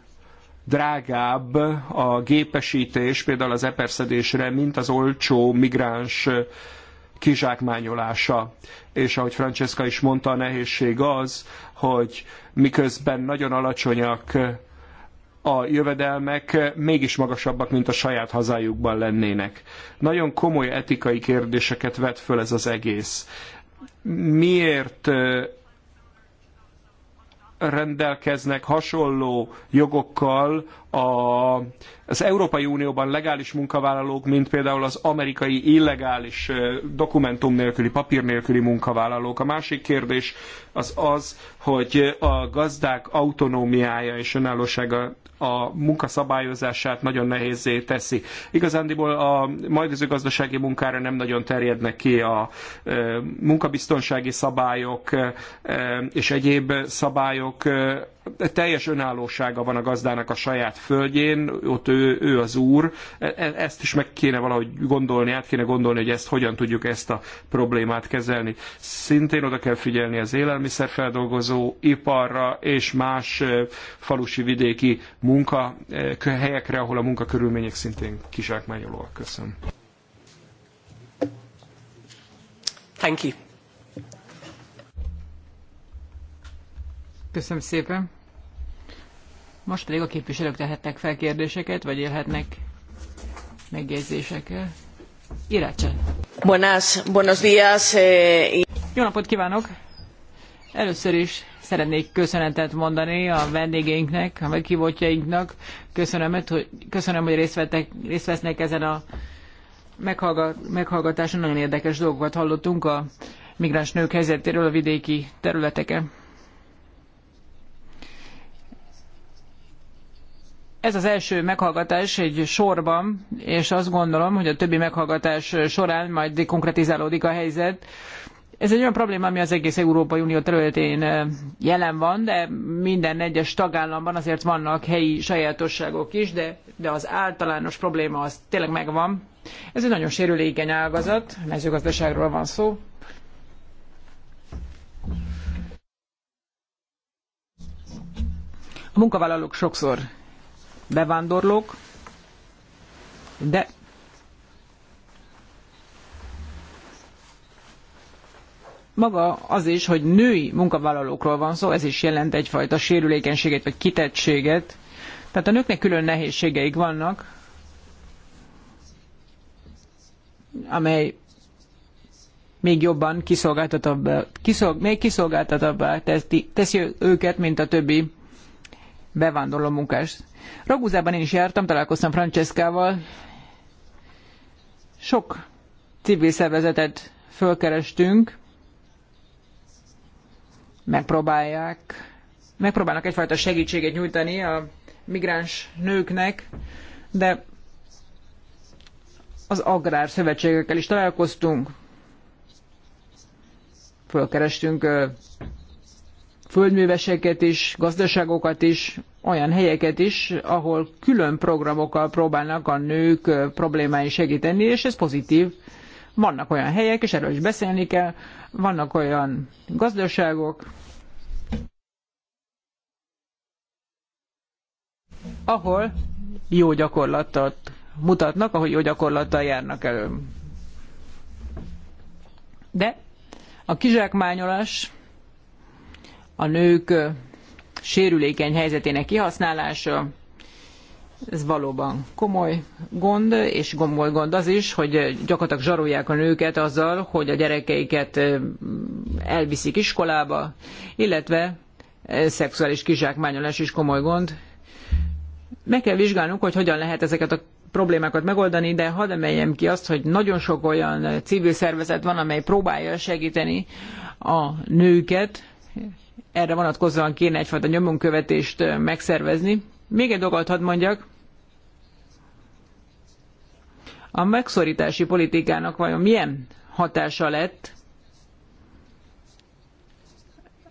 drágább a gépesítés, például az eperszedésre, mint az olcsó migráns kizsákmányolása. És ahogy Francesca is mondta, a nehézség az, hogy miközben nagyon alacsonyak a jövedelmek mégis magasabbak, mint a saját hazájukban lennének. Nagyon komoly etikai kérdéseket vet föl ez az egész. Miért rendelkeznek hasonló jogokkal a, az Európai Unióban legális munkavállalók, mint például az amerikai illegális dokumentum nélküli, papír nélküli munkavállalók. A másik kérdés az az, hogy a gazdák autonómiája és önállósága a munka szabályozását nagyon nehézé teszi. Igazándiból a majdmezőgazdasági munkára nem nagyon terjednek ki a munkabiztonsági szabályok és egyéb szabályok teljes önállósága van a gazdának a saját földjén, ott ő, ő az úr. E, e, ezt is meg kéne valahogy gondolni, át kéne gondolni, hogy ezt hogyan tudjuk ezt a problémát kezelni. Szintén oda kell figyelni az élelmiszerfeldolgozó iparra és más e, falusi vidéki munkahelyekre, ahol a munkakörülmények szintén kizsákmányolóak. Köszönöm. Thank you. Köszönöm szépen. Most pedig a képviselők tehetnek fel kérdéseket, vagy élhetnek megjegyzésekkel. Irácsa. Buenas, buenos días. Eh, Jó napot kívánok! Először is szeretnék köszönetet mondani a vendégeinknek, a meghívottjainknak. Köszönöm, hogy, köszönöm, hogy részt, vettek, részt vesznek ezen a meghallgatáson. Nagyon érdekes dolgokat hallottunk a migráns nők helyzetéről a vidéki területeken. Ez az első meghallgatás egy sorban, és azt gondolom, hogy a többi meghallgatás során majd konkretizálódik a helyzet. Ez egy olyan probléma, ami az egész Európai Unió területén eh, jelen van, de minden egyes tagállamban azért vannak helyi sajátosságok is, de, de az általános probléma az tényleg megvan. Ez egy nagyon sérülékeny ágazat, mezőgazdaságról van szó. A munkavállalók sokszor bevándorlók, de maga az is, hogy női munkavállalókról van szó, ez is jelent egyfajta sérülékenységet vagy kitettséget. Tehát a nőknek külön nehézségeik vannak, amely még jobban kiszolgáltatabbá, kiszolg, még kiszolgáltatabbá teszi őket, mint a többi bevándorló munkás. Ragúzában én is jártam, találkoztam Francescával. Sok civil szervezetet fölkerestünk, megpróbálják, megpróbálnak egyfajta segítséget nyújtani a migráns nőknek, de az agrár szövetségekkel is találkoztunk, fölkerestünk földműveseket is, gazdaságokat is, olyan helyeket is, ahol külön programokkal próbálnak a nők problémáin segíteni, és ez pozitív. Vannak olyan helyek, és erről is beszélni kell, vannak olyan gazdaságok, ahol jó gyakorlatot mutatnak, ahol jó gyakorlattal járnak elő. De a kizsákmányolás a nők sérülékeny helyzetének kihasználása, ez valóban komoly gond, és komoly gond az is, hogy gyakorlatilag zsarolják a nőket azzal, hogy a gyerekeiket elviszik iskolába, illetve szexuális kizsákmányolás is komoly gond. Meg kell vizsgálnunk, hogy hogyan lehet ezeket a problémákat megoldani, de hadd emeljem ki azt, hogy nagyon sok olyan civil szervezet van, amely próbálja segíteni a nőket, erre vonatkozóan kéne egyfajta nyomonkövetést megszervezni. Még egy dolgot hadd mondjak. A megszorítási politikának vajon milyen hatása lett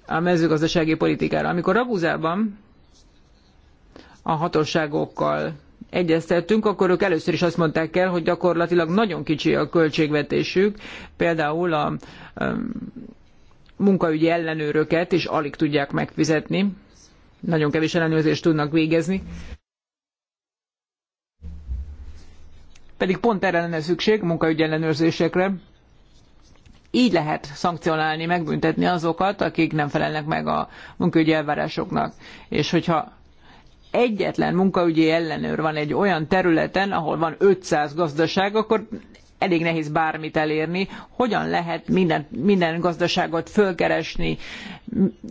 a mezőgazdasági politikára? Amikor Raguzában a hatóságokkal egyeztettünk, akkor ők először is azt mondták el, hogy gyakorlatilag nagyon kicsi a költségvetésük, például a, munkaügyi ellenőröket, és alig tudják megfizetni. Nagyon kevés ellenőrzést tudnak végezni. Pedig pont erre lenne szükség, munkaügyi ellenőrzésekre. Így lehet szankcionálni, megbüntetni azokat, akik nem felelnek meg a munkaügyi elvárásoknak. És hogyha egyetlen munkaügyi ellenőr van egy olyan területen, ahol van 500 gazdaság, akkor elég nehéz bármit elérni. Hogyan lehet minden, minden gazdaságot fölkeresni,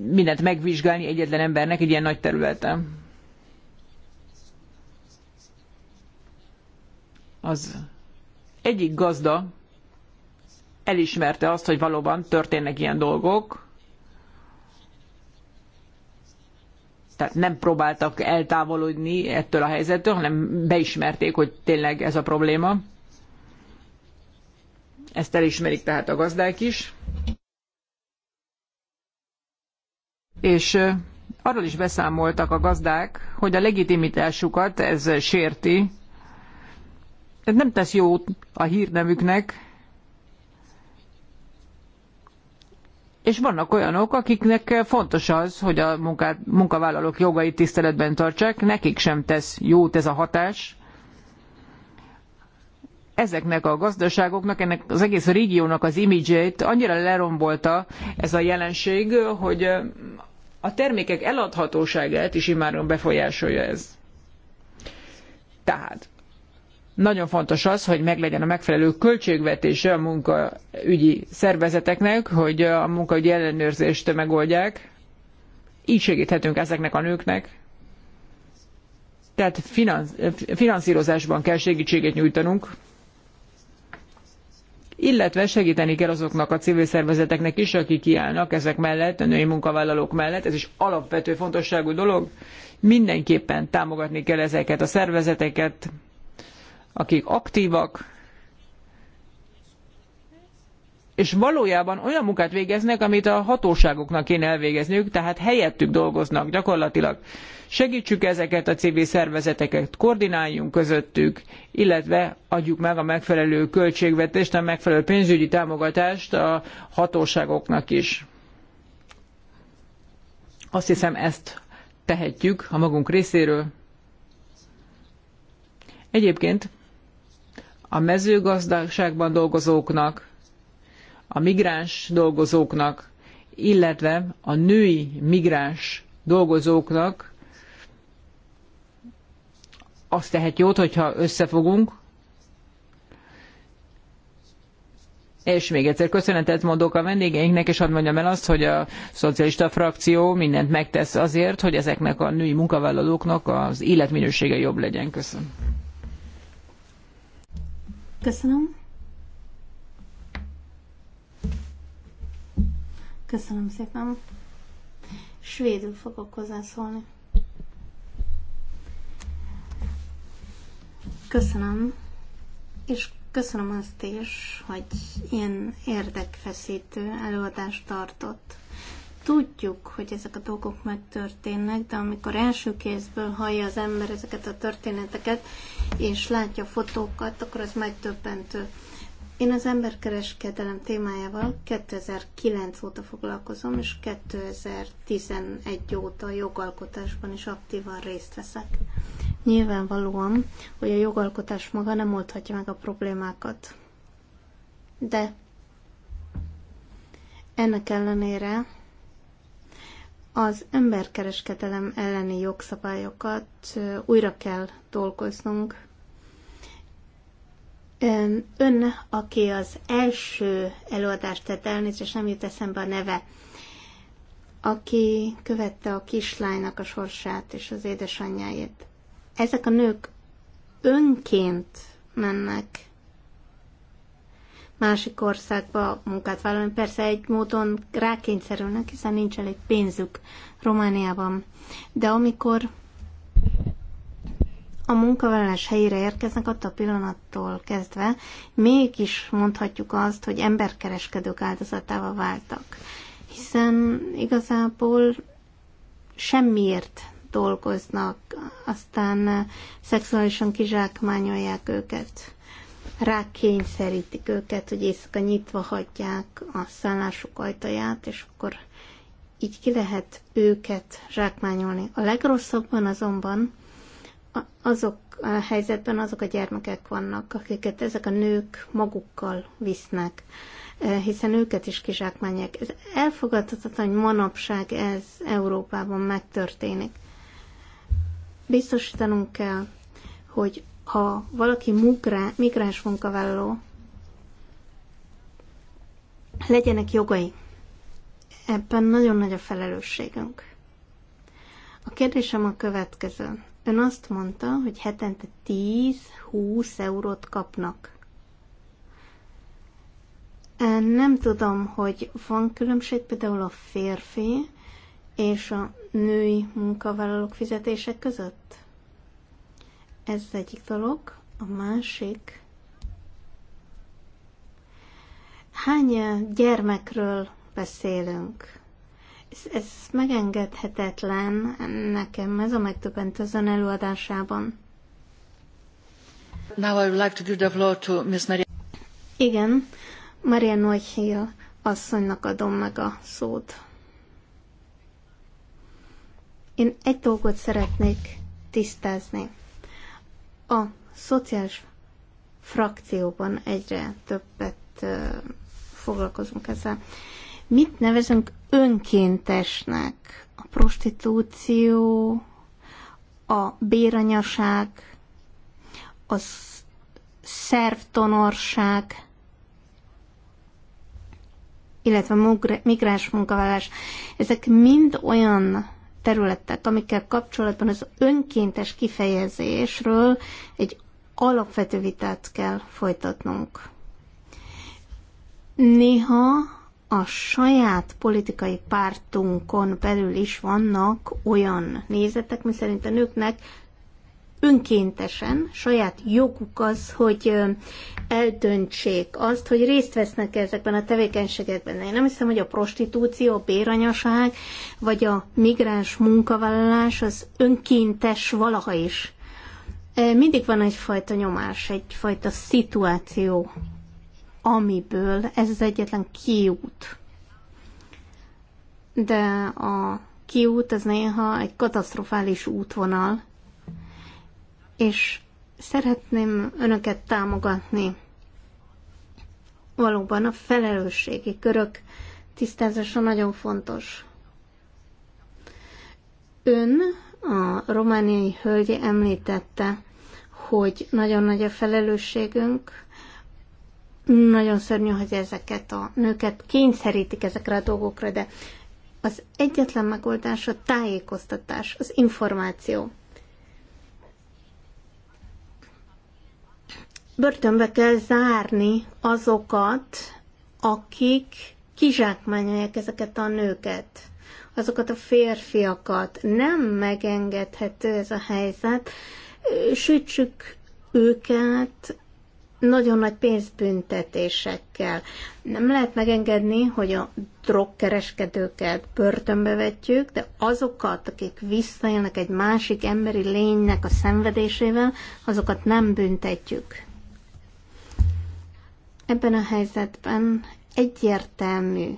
mindent megvizsgálni egyetlen embernek egy ilyen nagy területen? Az egyik gazda elismerte azt, hogy valóban történnek ilyen dolgok, tehát nem próbáltak eltávolodni ettől a helyzettől, hanem beismerték, hogy tényleg ez a probléma. Ezt elismerik tehát a gazdák is. És arról is beszámoltak a gazdák, hogy a legitimitásukat ez sérti. Ez nem tesz jót a hírnemüknek, És vannak olyanok, akiknek fontos az, hogy a munkát, munkavállalók jogait tiszteletben tartsák, nekik sem tesz jót ez a hatás ezeknek a gazdaságoknak, ennek az egész régiónak az imidzsét annyira lerombolta ez a jelenség, hogy a termékek eladhatóságát is immáron befolyásolja ez. Tehát nagyon fontos az, hogy meglegyen a megfelelő költségvetése a munkaügyi szervezeteknek, hogy a munkaügyi ellenőrzést megoldják. Így segíthetünk ezeknek a nőknek. Tehát finansz, finanszírozásban kell segítséget nyújtanunk illetve segíteni kell azoknak a civil szervezeteknek is, akik kiállnak ezek mellett, a női munkavállalók mellett, ez is alapvető fontosságú dolog. Mindenképpen támogatni kell ezeket a szervezeteket, akik aktívak, és valójában olyan munkát végeznek, amit a hatóságoknak kéne elvégezniük, tehát helyettük dolgoznak gyakorlatilag. Segítsük ezeket a civil szervezeteket, koordináljunk közöttük, illetve adjuk meg a megfelelő költségvetést, a megfelelő pénzügyi támogatást a hatóságoknak is. Azt hiszem ezt tehetjük a magunk részéről. Egyébként a mezőgazdaságban dolgozóknak, a migráns dolgozóknak, illetve a női migráns dolgozóknak azt tehet jót, hogyha összefogunk. És még egyszer köszönetet mondok a vendégeinknek, és hadd mondjam el azt, hogy a szocialista frakció mindent megtesz azért, hogy ezeknek a női munkavállalóknak az életminősége jobb legyen. Köszönöm. Köszönöm. Köszönöm szépen. Svédül fogok hozzászólni. Köszönöm, és köszönöm azt is, hogy ilyen érdekfeszítő előadást tartott. Tudjuk, hogy ezek a dolgok megtörténnek, de amikor első kézből hallja az ember ezeket a történeteket, és látja a fotókat, akkor az megtöbbentő. Én az emberkereskedelem témájával 2009 óta foglalkozom, és 2011 óta a jogalkotásban is aktívan részt veszek. Nyilvánvalóan, hogy a jogalkotás maga nem oldhatja meg a problémákat. De ennek ellenére az emberkereskedelem elleni jogszabályokat újra kell dolgoznunk, Ön, aki az első előadást tett és nem jut eszembe a neve, aki követte a kislánynak a sorsát és az édesanyjáét. Ezek a nők önként mennek másik országba munkát vállalni. Persze egy módon rákényszerülnek, hiszen nincs elég pénzük Romániában. De amikor a munkavállalás helyére érkeznek, attól a pillanattól kezdve mégis mondhatjuk azt, hogy emberkereskedők áldozatává váltak. Hiszen igazából semmiért dolgoznak, aztán szexuálisan kizsákmányolják őket, rákényszerítik őket, hogy éjszaka nyitva hagyják a szállásuk ajtaját, és akkor így ki lehet őket zsákmányolni. A legrosszabban azonban azok a helyzetben azok a gyermekek vannak, akiket ezek a nők magukkal visznek, eh, hiszen őket is kizsákmányják. Ez elfogadhatatlan, hogy manapság ez Európában megtörténik. Biztosítanunk kell, hogy ha valaki mugrá, migráns munkavállaló, legyenek jogai. Ebben nagyon nagy a felelősségünk. A kérdésem a következő. Ön azt mondta, hogy hetente 10-20 eurót kapnak. Nem tudom, hogy van különbség például a férfi és a női munkavállalók fizetések között? Ez az egyik dolog. A másik. Hány gyermekről beszélünk? ez, ez megengedhetetlen nekem, ez a megtöbbent az ön előadásában. Now I would like to give the floor to Miss Maria. Igen, Maria Noichia asszonynak adom meg a szót. Én egy dolgot szeretnék tisztázni. A szociális frakcióban egyre többet foglalkozunk ezzel. Mit nevezünk önkéntesnek? A prostitúció, a béranyaság, a szervtonorság, illetve migráns munkavállás. Ezek mind olyan területek, amikkel kapcsolatban az önkéntes kifejezésről egy alapvető vitát kell folytatnunk. Néha a saját politikai pártunkon belül is vannak olyan nézetek, mi szerint a nőknek önkéntesen saját joguk az, hogy eldöntsék azt, hogy részt vesznek ezekben a tevékenységekben. Én nem hiszem, hogy a prostitúció, a béranyaság, vagy a migráns munkavállalás az önkéntes valaha is. Mindig van egyfajta nyomás, egyfajta szituáció amiből ez az egyetlen kiút. De a kiút az néha egy katasztrofális útvonal, és szeretném önöket támogatni. Valóban a felelősségi körök tisztázása nagyon fontos. Ön a romániai hölgy említette, hogy nagyon nagy a felelősségünk, nagyon szörnyű, hogy ezeket a nőket kényszerítik ezekre a dolgokra, de az egyetlen megoldás a tájékoztatás, az információ. Börtönbe kell zárni azokat, akik kizsákmányolják ezeket a nőket, azokat a férfiakat. Nem megengedhető ez a helyzet. Sütsük őket, nagyon nagy pénzbüntetésekkel. Nem lehet megengedni, hogy a drogkereskedőket börtönbe vetjük, de azokat, akik visszaélnek egy másik emberi lénynek a szenvedésével, azokat nem büntetjük. Ebben a helyzetben egyértelmű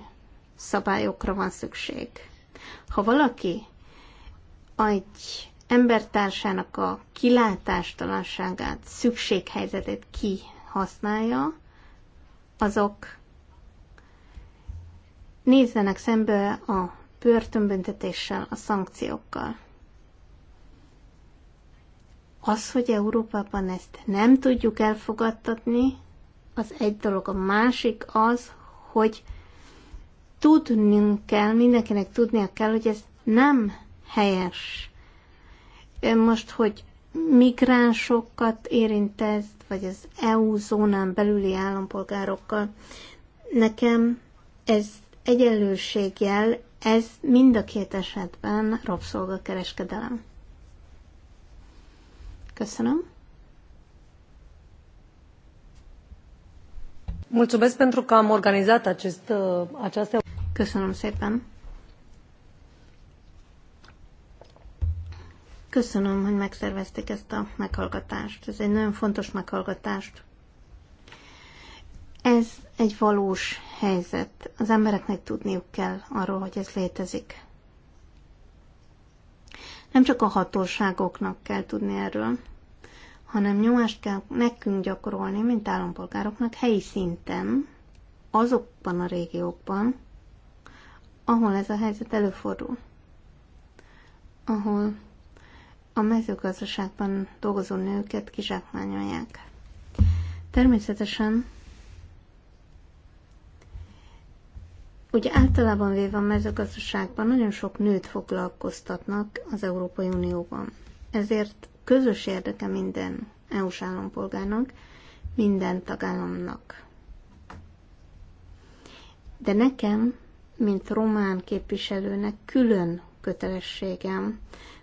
szabályokra van szükség. Ha valaki egy embertársának a kilátástalanságát, szükséghelyzetét ki használja, azok nézzenek szembe a börtönbüntetéssel, a szankciókkal. Az, hogy Európában ezt nem tudjuk elfogadtatni, az egy dolog. A másik az, hogy tudnunk kell, mindenkinek tudnia kell, hogy ez nem helyes. Most, hogy migránsokat érint ez, vagy az EU zónán belüli állampolgárokkal. Nekem ez egyenlőségjel, ez mind a két esetben rabszolgakereskedelem. Köszönöm. Mulțumesc pentru că am organizat acest, această... Köszönöm szépen. Köszönöm, hogy megszervezték ezt a meghallgatást. Ez egy nagyon fontos meghallgatást. Ez egy valós helyzet. Az embereknek tudniuk kell arról, hogy ez létezik. Nem csak a hatóságoknak kell tudni erről, hanem nyomást kell nekünk gyakorolni, mint állampolgároknak helyi szinten, azokban a régiókban, ahol ez a helyzet előfordul. Ahol a mezőgazdaságban dolgozó nőket kizsákmányolják. Természetesen Ugye általában véve a mezőgazdaságban nagyon sok nőt foglalkoztatnak az Európai Unióban. Ezért közös érdeke minden EU-s állampolgárnak, minden tagállamnak. De nekem, mint román képviselőnek külön kötelességem,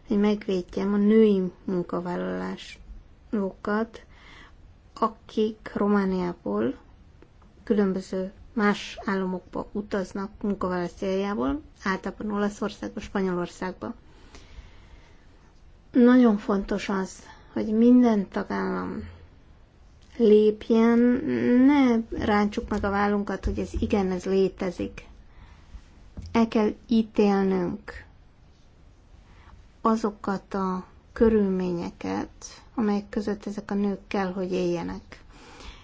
hogy megvédjem a női munkavállalásokat, akik Romániából különböző más államokba utaznak munkavállalás céljából, általában Olaszországba, Spanyolországba. Nagyon fontos az, hogy minden tagállam lépjen, ne ráncsuk meg a vállunkat, hogy ez igen, ez létezik. El kell ítélnünk azokat a körülményeket, amelyek között ezek a nők kell, hogy éljenek.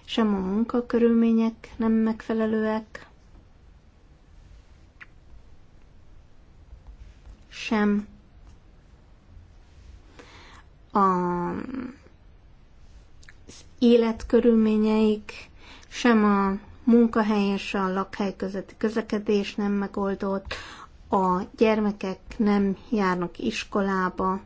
Sem a munkakörülmények nem megfelelőek, sem a, az életkörülményeik, sem a munkahely és a lakhely közötti közlekedés nem megoldott, a gyermekek nem járnak iskolába,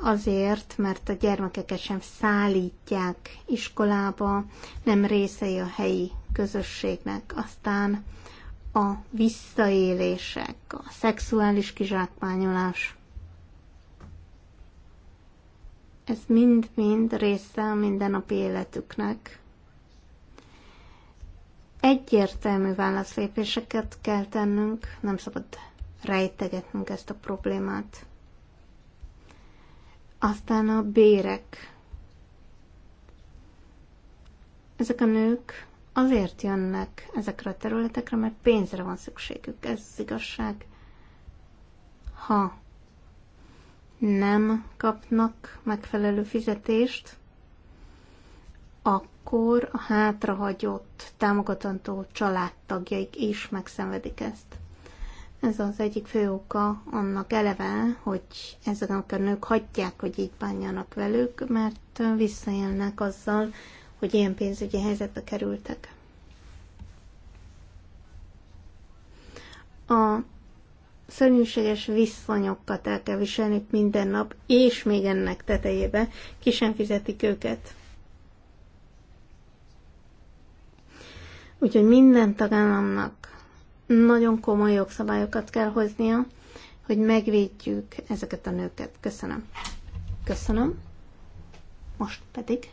azért, mert a gyermekeket sem szállítják iskolába, nem részei a helyi közösségnek. Aztán a visszaélések, a szexuális kizsákmányolás, ez mind-mind része a mindennapi életüknek. Egyértelmű válaszlépéseket kell tennünk, nem szabad rejtegetnünk ezt a problémát. Aztán a bérek. Ezek a nők azért jönnek ezekre a területekre, mert pénzre van szükségük. Ez az igazság. Ha nem kapnak megfelelő fizetést, akkor a hátrahagyott támogatandó családtagjaik is megszenvedik ezt. Ez az egyik fő oka annak eleve, hogy ezek a nők hagyják, hogy így bánjanak velük, mert visszaélnek azzal, hogy ilyen pénzügyi helyzetbe kerültek. A szörnyűséges viszonyokat el kell viselni minden nap, és még ennek tetejébe ki sem fizetik őket. Úgyhogy minden tagállamnak nagyon komoly jogszabályokat kell hoznia, hogy megvédjük ezeket a nőket. Köszönöm. Köszönöm. Most pedig.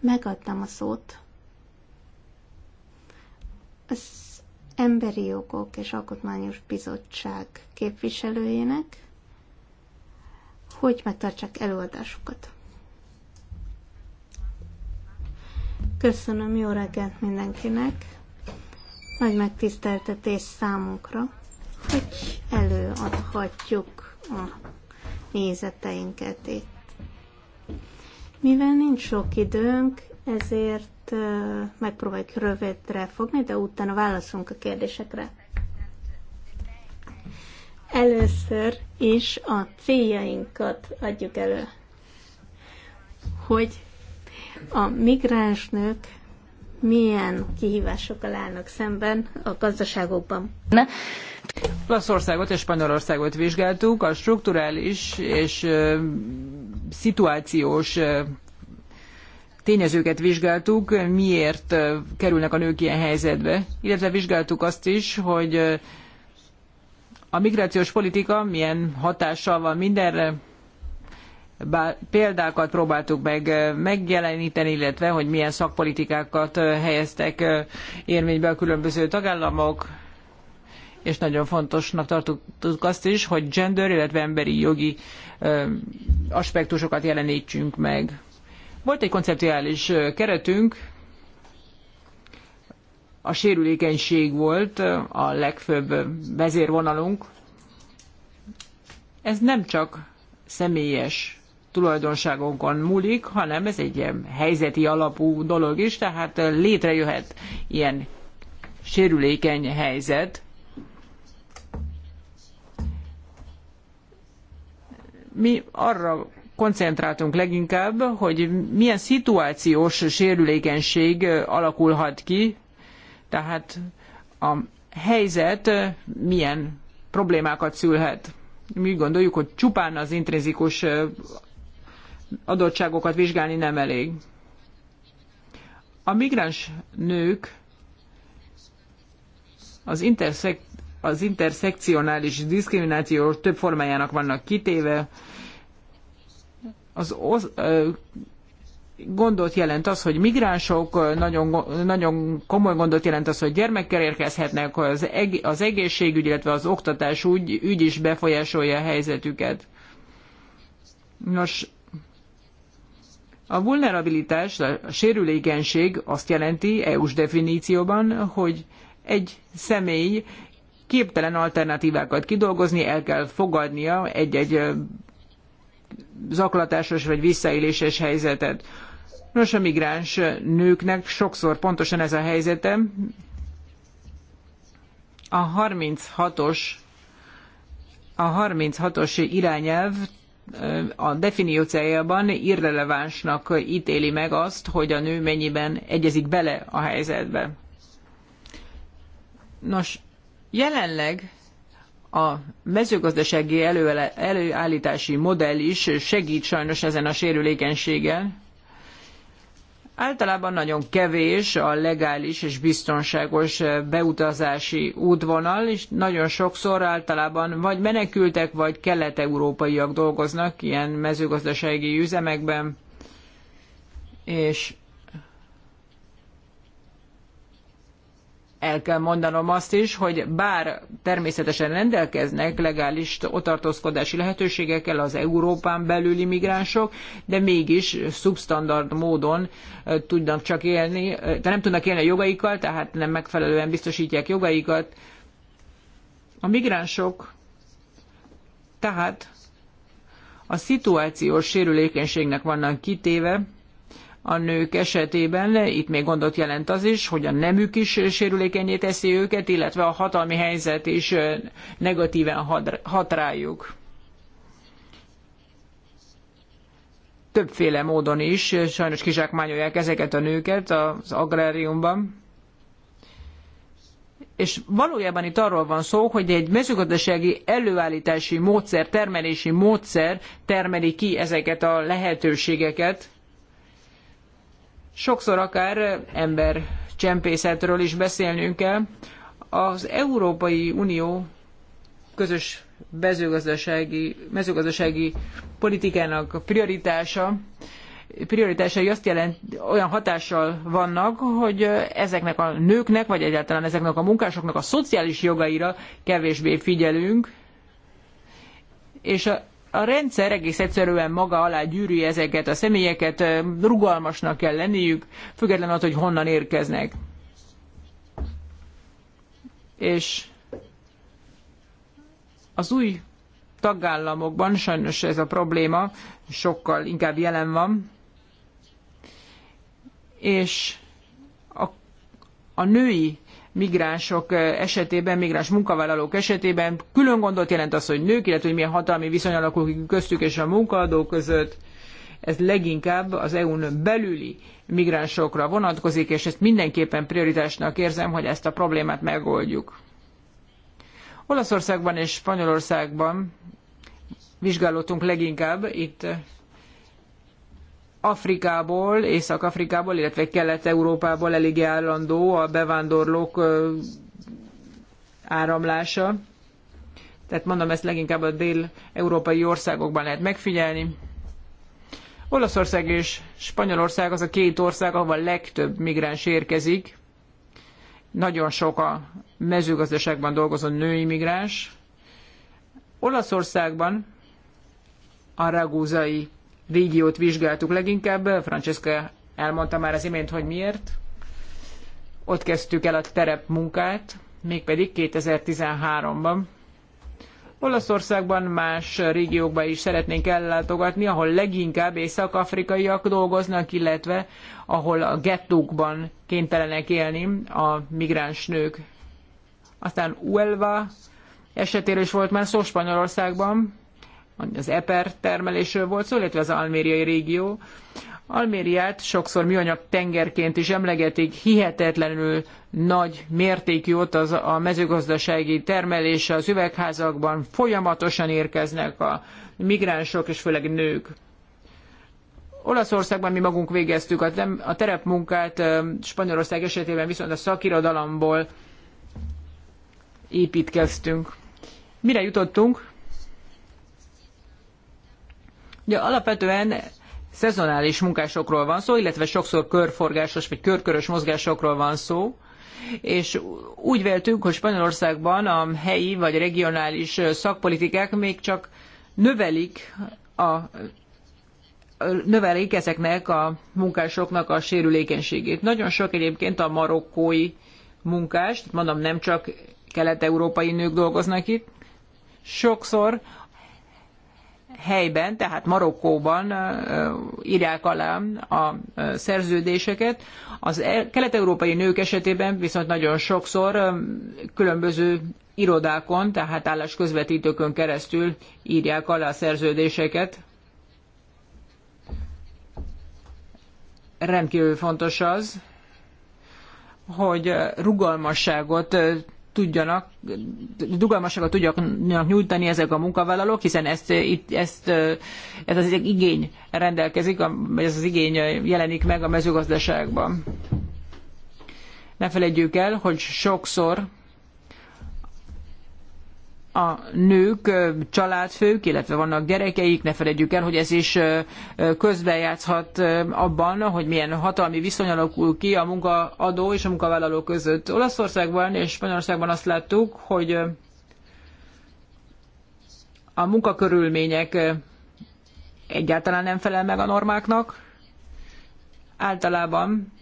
Megadtam a szót az Emberi Jogok és Alkotmányos Bizottság képviselőjének, hogy megtartsák előadásukat. Köszönöm, jó reggelt mindenkinek. Nagy megtiszteltetés számunkra, hogy előadhatjuk a nézeteinket itt. Mivel nincs sok időnk, ezért megpróbáljuk rövidre fogni, de utána válaszunk a kérdésekre. Először is a céljainkat adjuk elő, hogy a migráns nők milyen kihívásokkal állnak szemben a gazdaságokban. Ne? Olaszországot és Spanyolországot vizsgáltuk, a strukturális és ö, szituációs ö, tényezőket vizsgáltuk, miért ö, kerülnek a nők ilyen helyzetbe, illetve vizsgáltuk azt is, hogy ö, a migrációs politika milyen hatással van mindenre, bár példákat próbáltuk meg megjeleníteni, illetve hogy milyen szakpolitikákat helyeztek érvénybe a különböző tagállamok, és nagyon fontosnak tartottuk azt is, hogy gender, illetve emberi jogi aspektusokat jelenítsünk meg. Volt egy konceptuális keretünk, a sérülékenység volt a legfőbb vezérvonalunk. Ez nem csak személyes tulajdonságonkon múlik, hanem ez egy ilyen helyzeti alapú dolog is, tehát létrejöhet ilyen sérülékeny helyzet. Mi arra koncentráltunk leginkább, hogy milyen szituációs sérülékenység alakulhat ki, tehát a helyzet milyen problémákat szülhet. Mi úgy gondoljuk, hogy csupán az intrinzikus adottságokat vizsgálni nem elég. A migráns nők az, interszek, az interszekcionális diszkrimináció több formájának vannak kitéve. Az osz, gondot jelent az, hogy migránsok, nagyon, nagyon komoly gondot jelent az, hogy gyermekkel érkezhetnek, az, eg, az egészségügy, illetve az oktatás úgy, úgy is befolyásolja a helyzetüket. Nos, a vulnerabilitás, a sérülékenység azt jelenti EU-s definícióban, hogy egy személy képtelen alternatívákat kidolgozni, el kell fogadnia egy-egy zaklatásos vagy visszaéléses helyzetet. Nos, a migráns nőknek sokszor pontosan ez a helyzete. A 36-os a 36-os irányelv a céljában irrelevánsnak ítéli meg azt, hogy a nő mennyiben egyezik bele a helyzetbe. Nos, jelenleg a mezőgazdasági előállítási modell is segít sajnos ezen a sérülékenységen, Általában nagyon kevés a legális és biztonságos beutazási útvonal, és nagyon sokszor általában vagy menekültek, vagy kelet-európaiak dolgoznak ilyen mezőgazdasági üzemekben, és el kell mondanom azt is, hogy bár természetesen rendelkeznek legális otartózkodási lehetőségekkel az Európán belüli migránsok, de mégis substandard módon tudnak csak élni, de nem tudnak élni a jogaikkal, tehát nem megfelelően biztosítják jogaikat. A migránsok tehát a szituációs sérülékenységnek vannak kitéve, a nők esetében. Itt még gondot jelent az is, hogy a nemük is sérülékenyé teszi őket, illetve a hatalmi helyzet is negatíven hat rájuk. Többféle módon is sajnos kizsákmányolják ezeket a nőket az agráriumban. És valójában itt arról van szó, hogy egy mezőgazdasági előállítási módszer, termelési módszer termeli ki ezeket a lehetőségeket, Sokszor akár ember csempészetről is beszélnünk kell. Az Európai Unió közös mezőgazdasági, mezőgazdasági politikának a prioritása prioritásai azt jelent, olyan hatással vannak, hogy ezeknek a nőknek, vagy egyáltalán ezeknek a munkásoknak a szociális jogaira kevésbé figyelünk, és a a rendszer egész egyszerűen maga alá gyűri ezeket a személyeket, rugalmasnak kell lenniük, függetlenül attól, hogy honnan érkeznek. És az új tagállamokban sajnos ez a probléma sokkal inkább jelen van, és a, a női migránsok esetében, migráns munkavállalók esetében. Külön gondot jelent az, hogy nők, illetve hogy milyen hatalmi viszony alakul köztük és a munkaadók között. Ez leginkább az EU-n belüli migránsokra vonatkozik, és ezt mindenképpen prioritásnak érzem, hogy ezt a problémát megoldjuk. Olaszországban és Spanyolországban vizsgálódtunk leginkább itt Afrikából, Észak-Afrikából, illetve Kelet-Európából eléggé állandó a bevándorlók áramlása. Tehát mondom, ezt leginkább a dél-európai országokban lehet megfigyelni. Olaszország és Spanyolország az a két ország, a legtöbb migráns érkezik. Nagyon sok a mezőgazdaságban dolgozó női migráns. Olaszországban a ragúzai régiót vizsgáltuk leginkább. Francesca elmondta már az imént, hogy miért. Ott kezdtük el a terep munkát, mégpedig 2013-ban. Olaszországban más régiókban is szeretnénk ellátogatni, ahol leginkább észak-afrikaiak dolgoznak, illetve ahol a gettókban kénytelenek élni a migráns nők. Aztán Uelva esetéről is volt már szó Spanyolországban, az eper termelésről volt szó, illetve az almériai régió. Almériát sokszor műanyag tengerként is emlegetik, hihetetlenül nagy mértékű ott az a mezőgazdasági termelés az üvegházakban, folyamatosan érkeznek a migránsok és főleg nők. Olaszországban mi magunk végeztük a terepmunkát, Spanyolország esetében viszont a szakirodalomból építkeztünk. Mire jutottunk? Ja alapvetően szezonális munkásokról van szó, illetve sokszor körforgásos vagy körkörös mozgásokról van szó, és úgy véltünk, hogy Spanyolországban a helyi vagy regionális szakpolitikák még csak növelik a növelik ezeknek a munkásoknak a sérülékenységét. Nagyon sok egyébként a marokkói munkást, mondom nem csak kelet-európai nők dolgoznak itt, sokszor helyben, tehát Marokkóban írják alá a szerződéseket. Az e, kelet-európai nők esetében viszont nagyon sokszor különböző irodákon, tehát állásközvetítőkön keresztül írják alá a szerződéseket. Rendkívül fontos az, hogy rugalmasságot tudjanak, dugalmasakat tudjanak nyújtani ezek a munkavállalók, hiszen ezt, ezt, ez az igény rendelkezik, vagy ez az igény jelenik meg a mezőgazdaságban. Ne felejtjük el, hogy sokszor a nők családfők, illetve vannak gyerekeik, ne felejtjük el, hogy ez is közbejátszhat abban, hogy milyen hatalmi viszony alakul ki a munkaadó és a munkavállaló között. Olaszországban és Spanyolországban azt láttuk, hogy a munkakörülmények egyáltalán nem felel meg a normáknak. Általában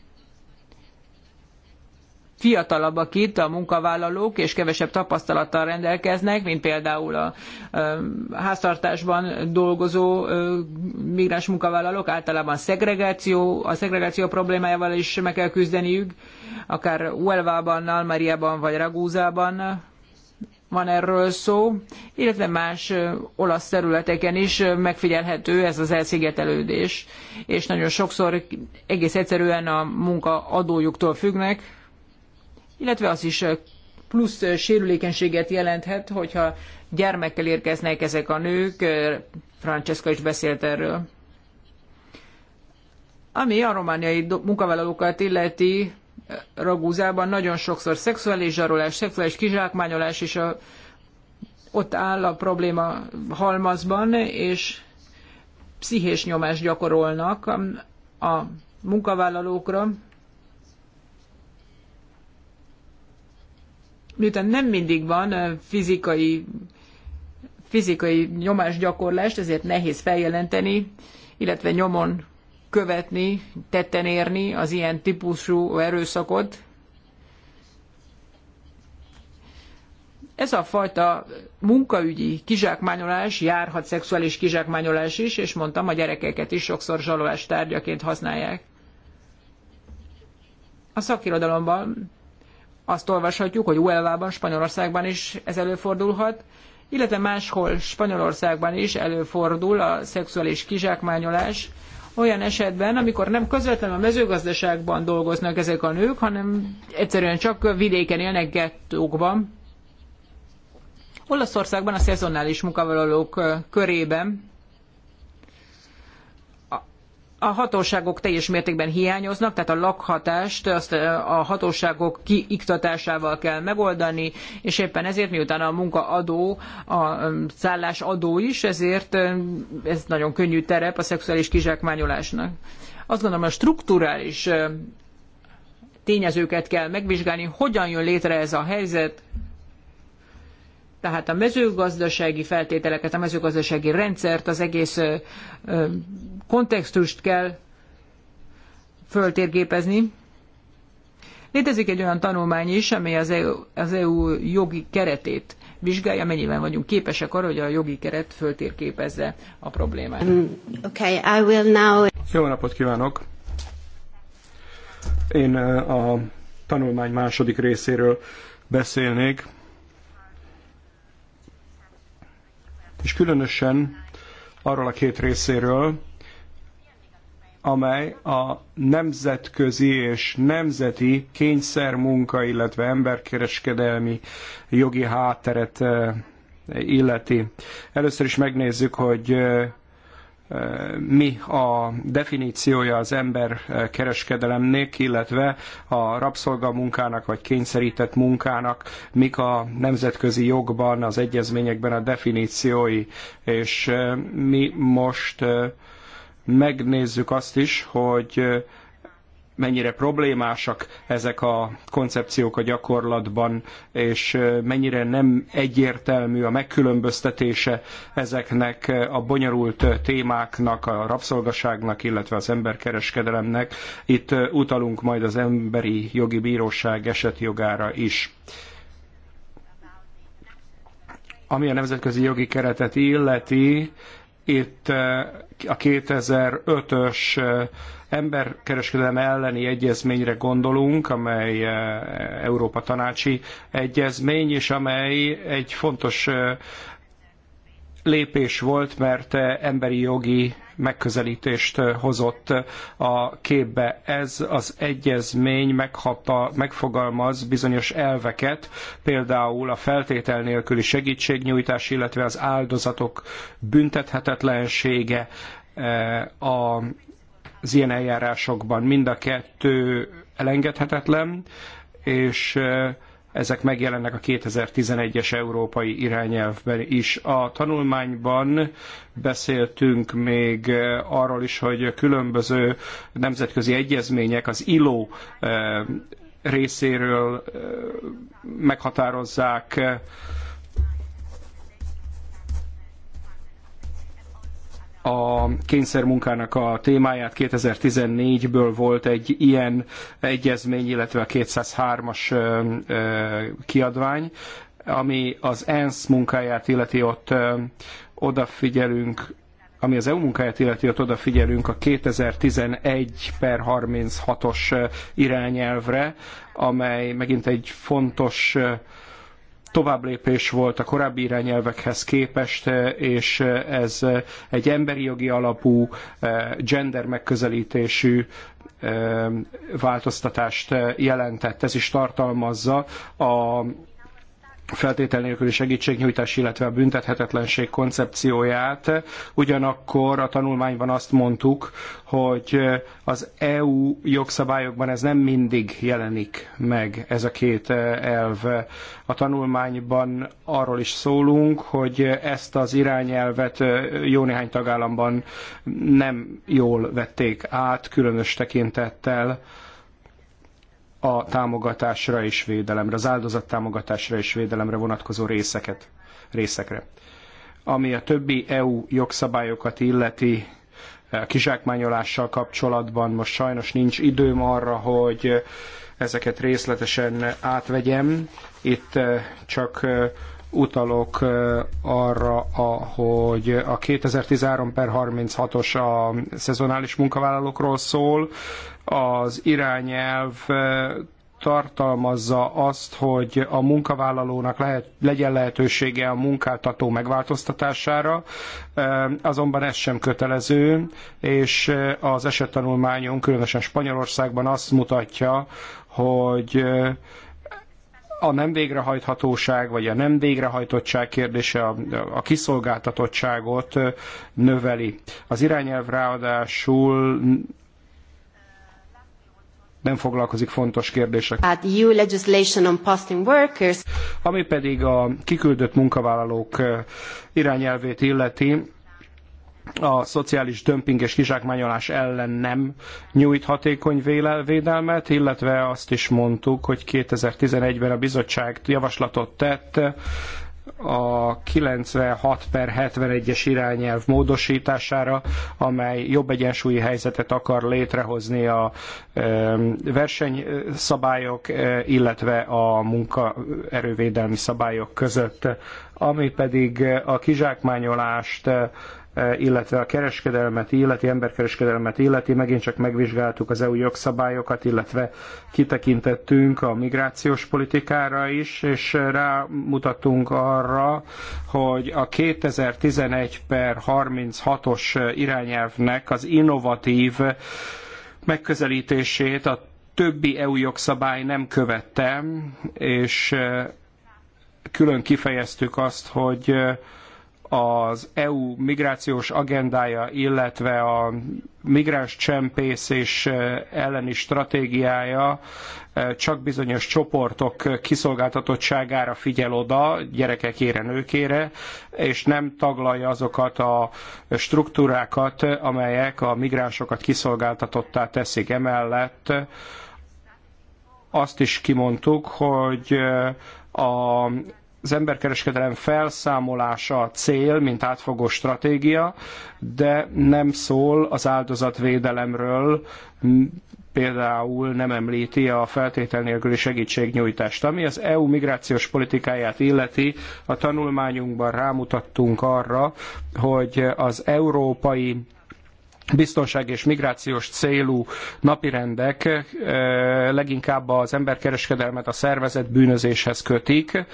fiatalabbak itt a munkavállalók, és kevesebb tapasztalattal rendelkeznek, mint például a háztartásban dolgozó migráns munkavállalók, általában szegregáció, a szegregáció problémájával is meg kell küzdeniük, akár Uelvában, Almariában vagy Ragúzában van erről szó, illetve más olasz területeken is megfigyelhető ez az elszigetelődés, és nagyon sokszor egész egyszerűen a munka adójuktól függnek, illetve az is plusz sérülékenységet jelenthet, hogyha gyermekkel érkeznek ezek a nők, Francesca is beszélt erről. Ami a romániai munkavállalókat illeti, Ragúzában nagyon sokszor szexuális zsarolás, szexuális kizsákmányolás, és a, ott áll a probléma halmazban, és pszichés nyomást gyakorolnak a munkavállalókra, miután nem mindig van fizikai, fizikai nyomásgyakorlást, ezért nehéz feljelenteni, illetve nyomon követni, tetten érni az ilyen típusú erőszakot. Ez a fajta munkaügyi kizsákmányolás járhat szexuális kizsákmányolás is, és mondtam, a gyerekeket is sokszor zsalolás tárgyaként használják. A szakirodalomban azt olvashatjuk, hogy Uelvában, Spanyolországban is ez előfordulhat, illetve máshol Spanyolországban is előfordul a szexuális kizsákmányolás, olyan esetben, amikor nem közvetlenül a mezőgazdaságban dolgoznak ezek a nők, hanem egyszerűen csak vidéken élnek gettókban. Olaszországban a szezonális munkavállalók körében a hatóságok teljes mértékben hiányoznak, tehát a lakhatást azt a hatóságok kiiktatásával kell megoldani, és éppen ezért miután a munkaadó, a szállásadó is, ezért ez nagyon könnyű terep a szexuális kizsákmányolásnak. Azt gondolom, a strukturális tényezőket kell megvizsgálni, hogyan jön létre ez a helyzet, tehát a mezőgazdasági feltételeket, a mezőgazdasági rendszert, az egész kontextust kell föltérképezni. Létezik egy olyan tanulmány is, amely az EU, az EU jogi keretét vizsgálja, mennyiben vagyunk képesek arra, hogy a jogi keret föltérképezze a problémát. Mm, okay, I will now... Jó napot kívánok! Én a tanulmány második részéről beszélnék, és különösen arról a két részéről, amely a nemzetközi és nemzeti kényszermunka, illetve emberkereskedelmi jogi hátteret eh, illeti. Először is megnézzük, hogy eh, mi a definíciója az ember eh, kereskedelemnek, illetve a rabszolgamunkának vagy kényszerített munkának, mik a nemzetközi jogban, az egyezményekben a definíciói, és eh, mi most eh, megnézzük azt is, hogy mennyire problémásak ezek a koncepciók a gyakorlatban, és mennyire nem egyértelmű a megkülönböztetése ezeknek a bonyolult témáknak, a rabszolgaságnak, illetve az emberkereskedelemnek. Itt utalunk majd az Emberi Jogi Bíróság esetjogára is ami a nemzetközi jogi keretet illeti, itt eh, a 2005-ös eh, emberkereskedelem elleni egyezményre gondolunk, amely eh, Európa tanácsi egyezmény, és amely egy fontos lépés volt, mert emberi jogi megközelítést eh, hozott eh, a képbe. Ez az egyezmény meghata, megfogalmaz bizonyos elveket, például a feltétel nélküli segítségnyújtás, illetve az áldozatok büntethetetlensége, eh, a, az ilyen eljárásokban mind a kettő elengedhetetlen, és ezek megjelennek a 2011-es európai irányelvben is. A tanulmányban beszéltünk még eh, arról is, hogy különböző nemzetközi egyezmények az ILO eh, részéről eh, meghatározzák a kényszermunkának a témáját. 2014-ből volt egy ilyen egyezmény, illetve a 203-as kiadvány, ami az ENSZ munkáját illeti ott odafigyelünk ami az EU munkáját illeti, ott odafigyelünk a 2011 per 36-os irányelvre, amely megint egy fontos továbblépés volt a korábbi irányelvekhez képest, eh, és eh, ez eh, egy emberi jogi alapú, gender megközelítésű változtatást jelentett. Ez is tartalmazza a feltétel nélküli segítségnyújtás, illetve a büntethetetlenség koncepcióját. Ugyanakkor a tanulmányban azt mondtuk, hogy az EU jogszabályokban ez nem mindig jelenik meg, ez a két e, elv. A tanulmányban arról is szólunk, hogy ezt az irányelvet e, jó néhány tagállamban nem jól vették át, különös tekintettel a támogatásra és védelemre, az áldozat támogatásra és védelemre vonatkozó részeket, részekre. Ami a többi EU jogszabályokat illeti, kizsákmányolással kapcsolatban most sajnos nincs időm arra, hogy ezeket részletesen átvegyem. Itt eh, csak eh, utalok arra, hogy a 2013 per 36-os a szezonális munkavállalókról szól. Az irányelv tartalmazza azt, hogy a munkavállalónak lehet, legyen lehetősége a munkáltató megváltoztatására, azonban ez sem kötelező, és az esettanulmányunk különösen Spanyolországban azt mutatja, hogy a nem végrehajthatóság, vagy a nem végrehajtottság kérdése a, a kiszolgáltatottságot növeli. Az irányelv ráadásul nem foglalkozik fontos kérdések. At EU legislation on posting workers. Ami pedig a kiküldött munkavállalók irányelvét illeti, a szociális dömping és kizsákmányolás ellen nem nyújt hatékony védelmet, illetve azt is mondtuk, hogy 2011-ben a bizottság javaslatot tett a 96 per 71-es irányelv módosítására, amely jobb egyensúlyi helyzetet akar létrehozni a versenyszabályok, illetve a munkaerővédelmi szabályok között, ami pedig a kizsákmányolást E, illetve a kereskedelmet illeti, emberkereskedelmet illeti, megint csak megvizsgáltuk az EU jogszabályokat, illetve kitekintettünk a migrációs politikára is, és rámutattunk arra, hogy a 2011 per 36-os irányelvnek az innovatív megközelítését a többi EU jogszabály nem követte, és külön kifejeztük azt, hogy az EU migrációs agendája, illetve a migráns csempészés elleni stratégiája csak bizonyos csoportok kiszolgáltatottságára figyel oda, gyerekekére, nőkére, és nem taglalja azokat a struktúrákat, amelyek a migránsokat kiszolgáltatottá teszik. Emellett azt is kimondtuk, hogy a az emberkereskedelem felszámolása a cél, mint átfogó stratégia, de nem szól az áldozatvédelemről, például nem említi a feltétel nélküli segítségnyújtást. Ami az EU migrációs politikáját illeti, a tanulmányunkban rámutattunk arra, hogy az európai biztonság és migrációs célú napirendek e, leginkább az emberkereskedelmet a szervezett bűnözéshez kötik,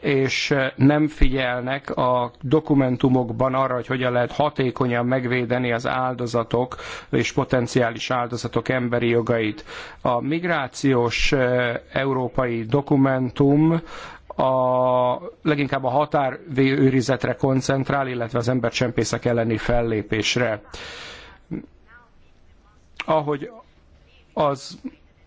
és eh, nem figyelnek a dokumentumokban arra, hogy hogyan lehet hatékonyan megvédeni az áldozatok és potenciális áldozatok emberi jogait. A migrációs eh, európai dokumentum a, leginkább a határőrizetre koncentrál, illetve az embercsempészek elleni fellépésre. Ahogy az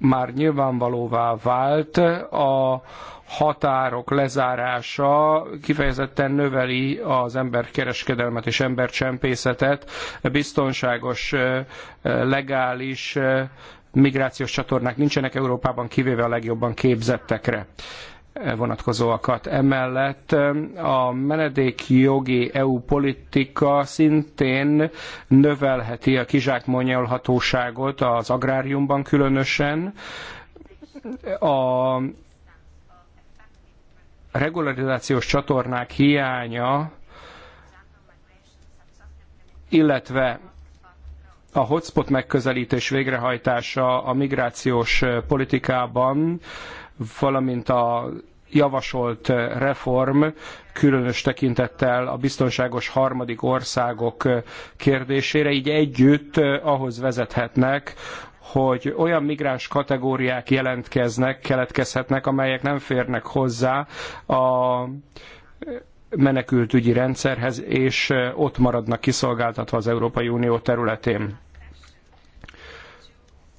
már nyilvánvalóvá vált, a határok lezárása kifejezetten növeli az emberkereskedelmet és embercsempészetet, biztonságos, legális migrációs csatornák nincsenek Európában, kivéve a legjobban képzettekre vonatkozóakat. Emellett um, a menedékjogi EU politika szintén növelheti a kizsákmányolhatóságot az agráriumban különösen. A regularizációs csatornák hiánya, illetve a hotspot megközelítés végrehajtása a migrációs politikában valamint a javasolt reform, különös tekintettel a biztonságos harmadik országok kérdésére, így együtt eh, ahhoz vezethetnek, hogy olyan migráns kategóriák jelentkeznek, keletkezhetnek, amelyek nem férnek hozzá a menekültügyi rendszerhez, és eh, ott maradnak kiszolgáltatva az Európai Unió területén.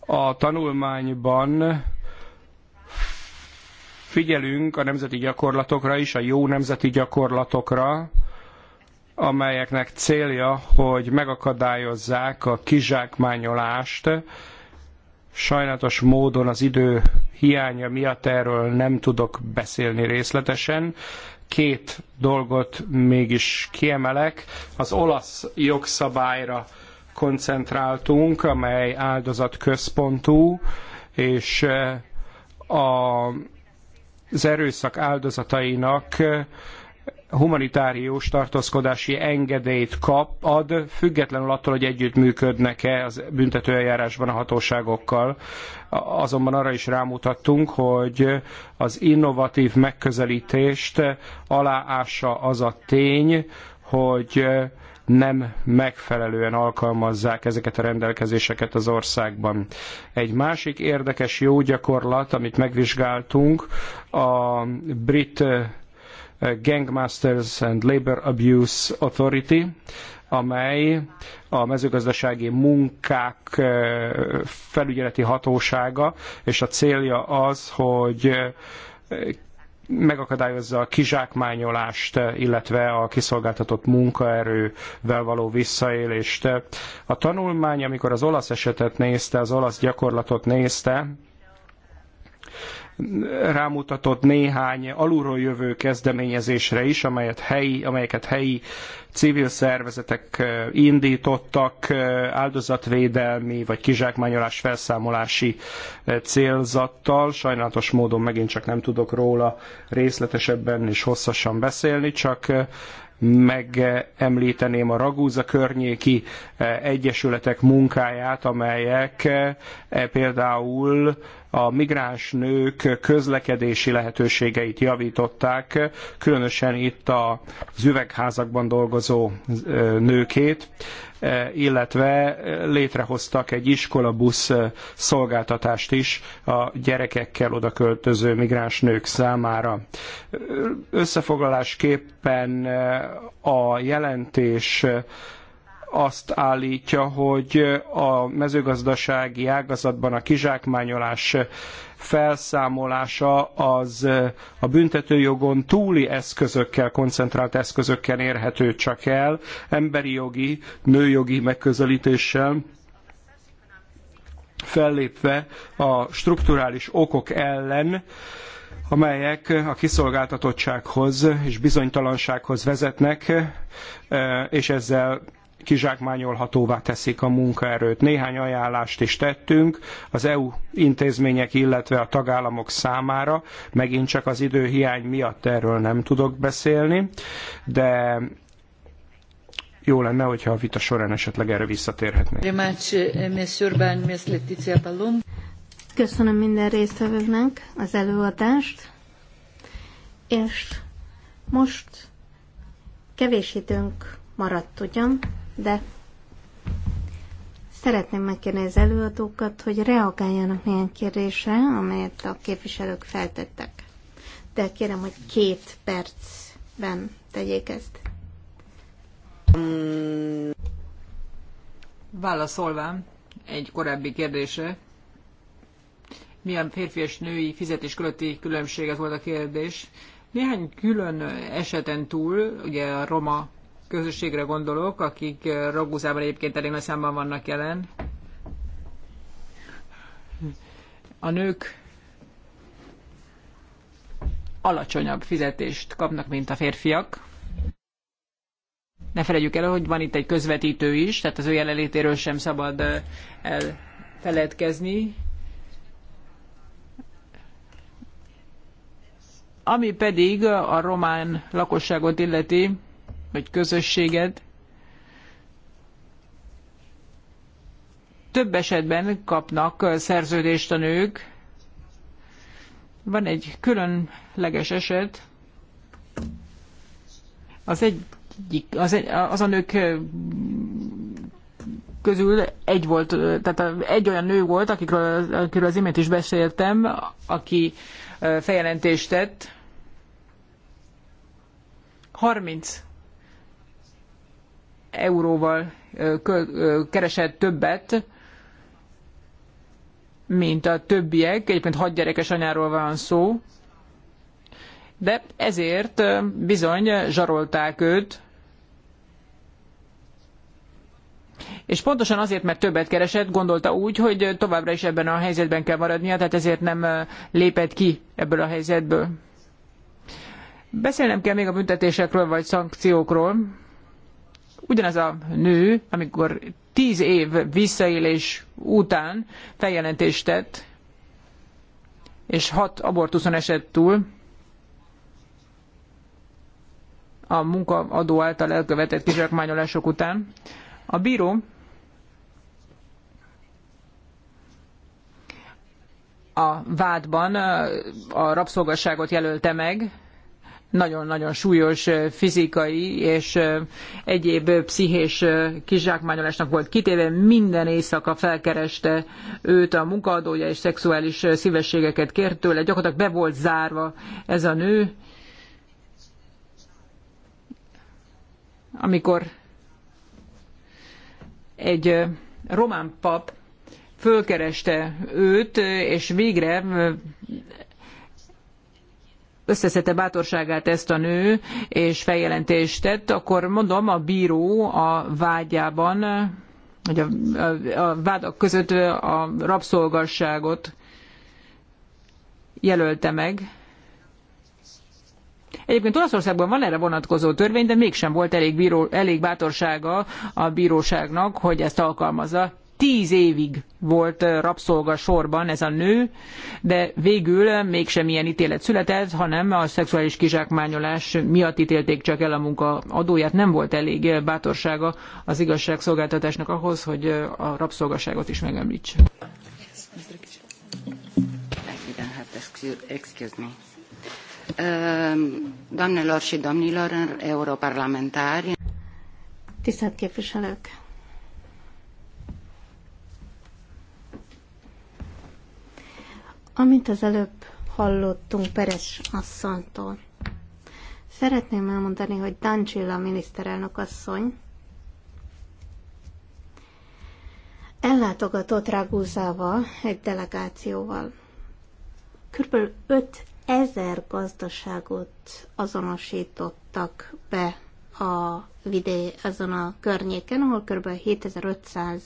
A tanulmányban figyelünk a nemzeti gyakorlatokra is, a jó nemzeti gyakorlatokra, amelyeknek célja, hogy megakadályozzák a kizsákmányolást. Sajnálatos módon az idő hiánya miatt erről nem tudok beszélni részletesen. Két dolgot mégis kiemelek. Az olasz jogszabályra koncentráltunk, amely áldozatközpontú, és eh, a az erőszak áldozatainak eh, humanitárius tartózkodási engedélyt kap, ad, függetlenül attól, hogy együttműködnek-e az büntetőeljárásban a hatóságokkal. Azonban arra is rámutattunk, hogy az innovatív megközelítést aláássa az a tény, hogy eh, nem megfelelően alkalmazzák ezeket a rendelkezéseket az országban. Egy másik érdekes jó gyakorlat, amit megvizsgáltunk, a brit eh, Gangmasters and Labour Abuse Authority, amely a mezőgazdasági munkák eh, felügyeleti hatósága, és a célja az, hogy eh, megakadályozza a kizsákmányolást, illetve a kiszolgáltatott munkaerővel való visszaélést. A tanulmány, amikor az olasz esetet nézte, az olasz gyakorlatot nézte, rámutatott néhány alulról jövő kezdeményezésre is, amelyet helyi, amelyeket helyi civil szervezetek indítottak áldozatvédelmi vagy kizsákmányolás felszámolási célzattal. Sajnálatos módon megint csak nem tudok róla részletesebben és hosszasan beszélni, csak megemlíteném a Ragúza környéki egyesületek munkáját, amelyek e például a migráns nők közlekedési lehetőségeit javították, különösen itt az üvegházakban dolgozó nőkét illetve létrehoztak egy iskolabusz szolgáltatást is a gyerekekkel odaköltöző migráns nők számára. Összefoglalásképpen a jelentés azt állítja, hogy a mezőgazdasági ágazatban a kizsákmányolás felszámolása az a büntetőjogon túli eszközökkel, koncentrált eszközökkel érhető csak el, emberi jogi, nőjogi megközelítéssel, fellépve a strukturális okok ellen, amelyek a kiszolgáltatottsághoz és bizonytalansághoz vezetnek, eh, és ezzel kizsákmányolhatóvá teszik a munkaerőt. Néhány ajánlást is tettünk az EU intézmények, illetve a tagállamok számára. Megint csak az időhiány miatt erről nem tudok beszélni, de jó lenne, hogyha a vita során esetleg erre visszatérhetnénk. Köszönöm minden résztvevőknek az előadást, és most kevés időnk maradt ugyan, de szeretném megkérni az előadókat, hogy reagáljanak milyen kérdésre, amelyet a képviselők feltettek. De kérem, hogy két percben tegyék ezt. Válaszolva egy korábbi kérdésre, milyen férfi és női fizetés közötti különbség, ez volt a kérdés. Néhány külön eseten túl, ugye a roma közösségre gondolok, akik eh, Ragúzában egyébként elég nagy számban vannak jelen. A nők alacsonyabb fizetést kapnak, mint a férfiak. Ne felejtjük el, hogy van itt egy közvetítő is, tehát az ő jelenlétéről sem szabad eh, elfeledkezni. Ami pedig a román lakosságot illeti, vagy közösséged. Több esetben kapnak szerződést a nők. Van egy különleges eset, az egyik, az, egy, az a nők közül egy volt, tehát egy olyan nő volt, akikről, akikről az imént is beszéltem, aki feljelentést tett. 30 euróval keresett többet, mint a többiek, egyébként gyerekes anyáról van szó, de ezért bizony zsarolták őt, és pontosan azért, mert többet keresett, gondolta úgy, hogy továbbra is ebben a helyzetben kell maradnia, tehát ezért nem lépett ki ebből a helyzetből. Beszélnem kell még a büntetésekről vagy szankciókról. Ugyanaz a nő, amikor tíz év visszaélés után feljelentést tett, és hat abortuszon esett túl, a munkaadó által elkövetett kizsákmányolások után. A bíró a vádban a rabszolgasságot jelölte meg, nagyon-nagyon súlyos fizikai és egyéb pszichés kizsákmányolásnak volt kitéve. Minden éjszaka felkereste őt a munkaadója, és szexuális szívességeket kért tőle. Gyakorlatilag be volt zárva ez a nő. Amikor egy román pap fölkereste őt, és végre összeszedte bátorságát ezt a nő, és feljelentést tett, akkor mondom, a bíró a vágyában, vagy a, a, a vádak között a rabszolgasságot jelölte meg. Egyébként Olaszországban van erre vonatkozó törvény, de mégsem volt elég, bíró, elég bátorsága a bíróságnak, hogy ezt alkalmazza tíz évig volt rabszolga sorban ez a nő, de végül mégsem ilyen ítélet született, hanem a szexuális kizsákmányolás miatt ítélték csak el a munka adóját. Nem volt elég bátorsága az igazságszolgáltatásnak ahhoz, hogy a rabszolgaságot is megemlítse. Ehm, doamnelor și domnilor europarlamentari, Tisztelt képviselők! Amint az előbb hallottunk Peres asszonytól, szeretném elmondani, hogy Dancsilla miniszterelnök asszony ellátogatott Rágúzával egy delegációval. Körülbelül 5000 gazdaságot azonosítottak be a vidé, azon a környéken, ahol kb. 7500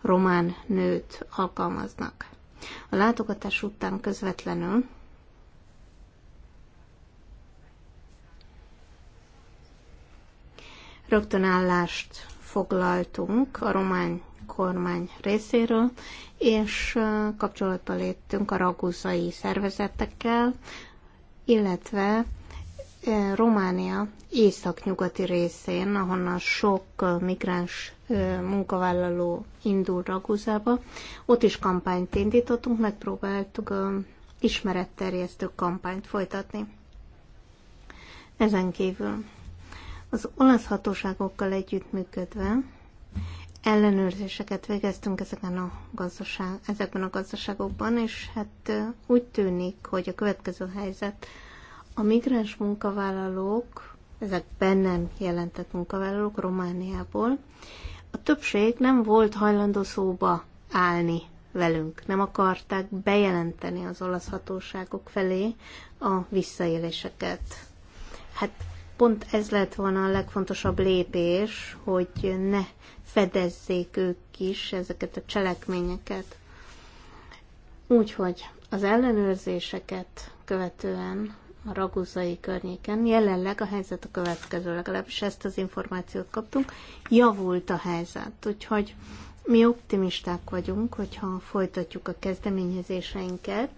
román nőt alkalmaznak. A látogatás után közvetlenül állást foglaltunk a román kormány részéről, és kapcsolatba léptünk a raguzai szervezetekkel, illetve Románia északnyugati részén, ahonnan sok migráns munkavállaló indul Raguzába. Ott is kampányt indítottunk, megpróbáltuk a ismeretterjesztő kampányt folytatni. Ezen kívül az olasz hatóságokkal együttműködve ellenőrzéseket végeztünk ezeken a gazdaság, ezekben a gazdaságokban, és hát úgy tűnik, hogy a következő helyzet a migráns munkavállalók, ezek bennem jelentett munkavállalók Romániából, a többség nem volt hajlandó szóba állni velünk, nem akarták bejelenteni az olasz hatóságok felé a visszaéléseket. Hát pont ez lett volna a legfontosabb lépés, hogy ne fedezzék ők is ezeket a cselekményeket. Úgyhogy az ellenőrzéseket követően a raguzai környéken. Jelenleg a helyzet a következő, legalábbis ezt az információt kaptunk. Javult a helyzet, úgyhogy mi optimisták vagyunk, hogyha folytatjuk a kezdeményezéseinket,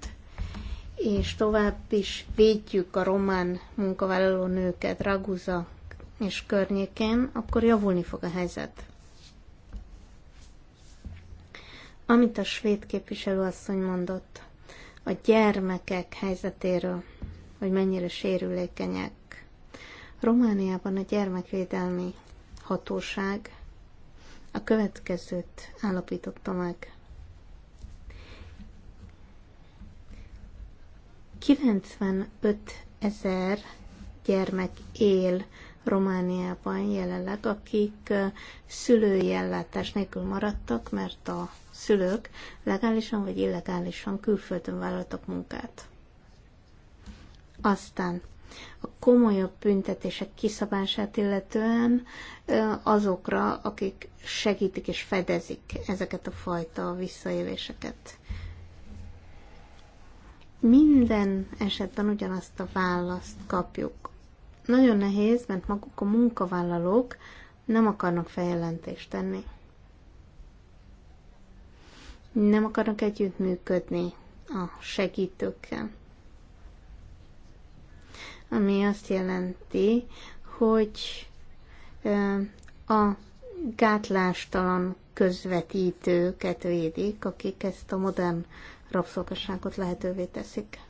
és tovább is védjük a román munkavállaló nőket Raguza és környékén, akkor javulni fog a helyzet. Amit a svéd képviselő asszony mondott, a gyermekek helyzetéről hogy mennyire sérülékenyek. Romániában a gyermekvédelmi hatóság a következőt állapította meg. 95 ezer gyermek él Romániában jelenleg, akik szülői ellátás nélkül maradtak, mert a szülők legálisan vagy illegálisan külföldön vállaltak munkát. Aztán a komolyabb büntetések kiszabását illetően azokra, akik segítik és fedezik ezeket a fajta visszaéléseket. Minden esetben ugyanazt a választ kapjuk. Nagyon nehéz, mert maguk a munkavállalók nem akarnak feljelentést tenni. Nem akarnak együttműködni a segítőkkel ami azt jelenti, hogy a gátlástalan közvetítőket védik, akik ezt a modern rabszolgasságot lehetővé teszik.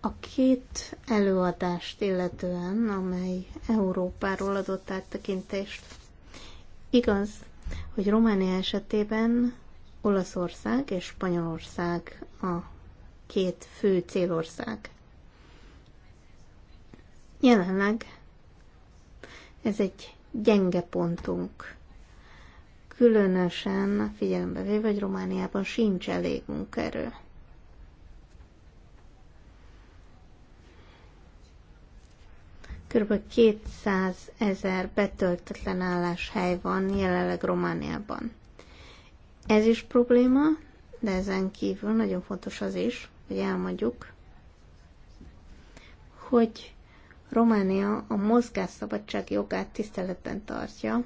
A két előadást illetően, amely Európáról adott áttekintést, igaz, hogy Románia esetében Olaszország és Spanyolország a két fő célország. Jelenleg ez egy gyenge pontunk. Különösen figyelembe véve, hogy Romániában sincs elég munkerő. Kb. 200 ezer betöltetlen álláshely van jelenleg Romániában. Ez is probléma, de ezen kívül nagyon fontos az is, hogy elmondjuk, hogy Románia a mozgásszabadság jogát tiszteletben tartja,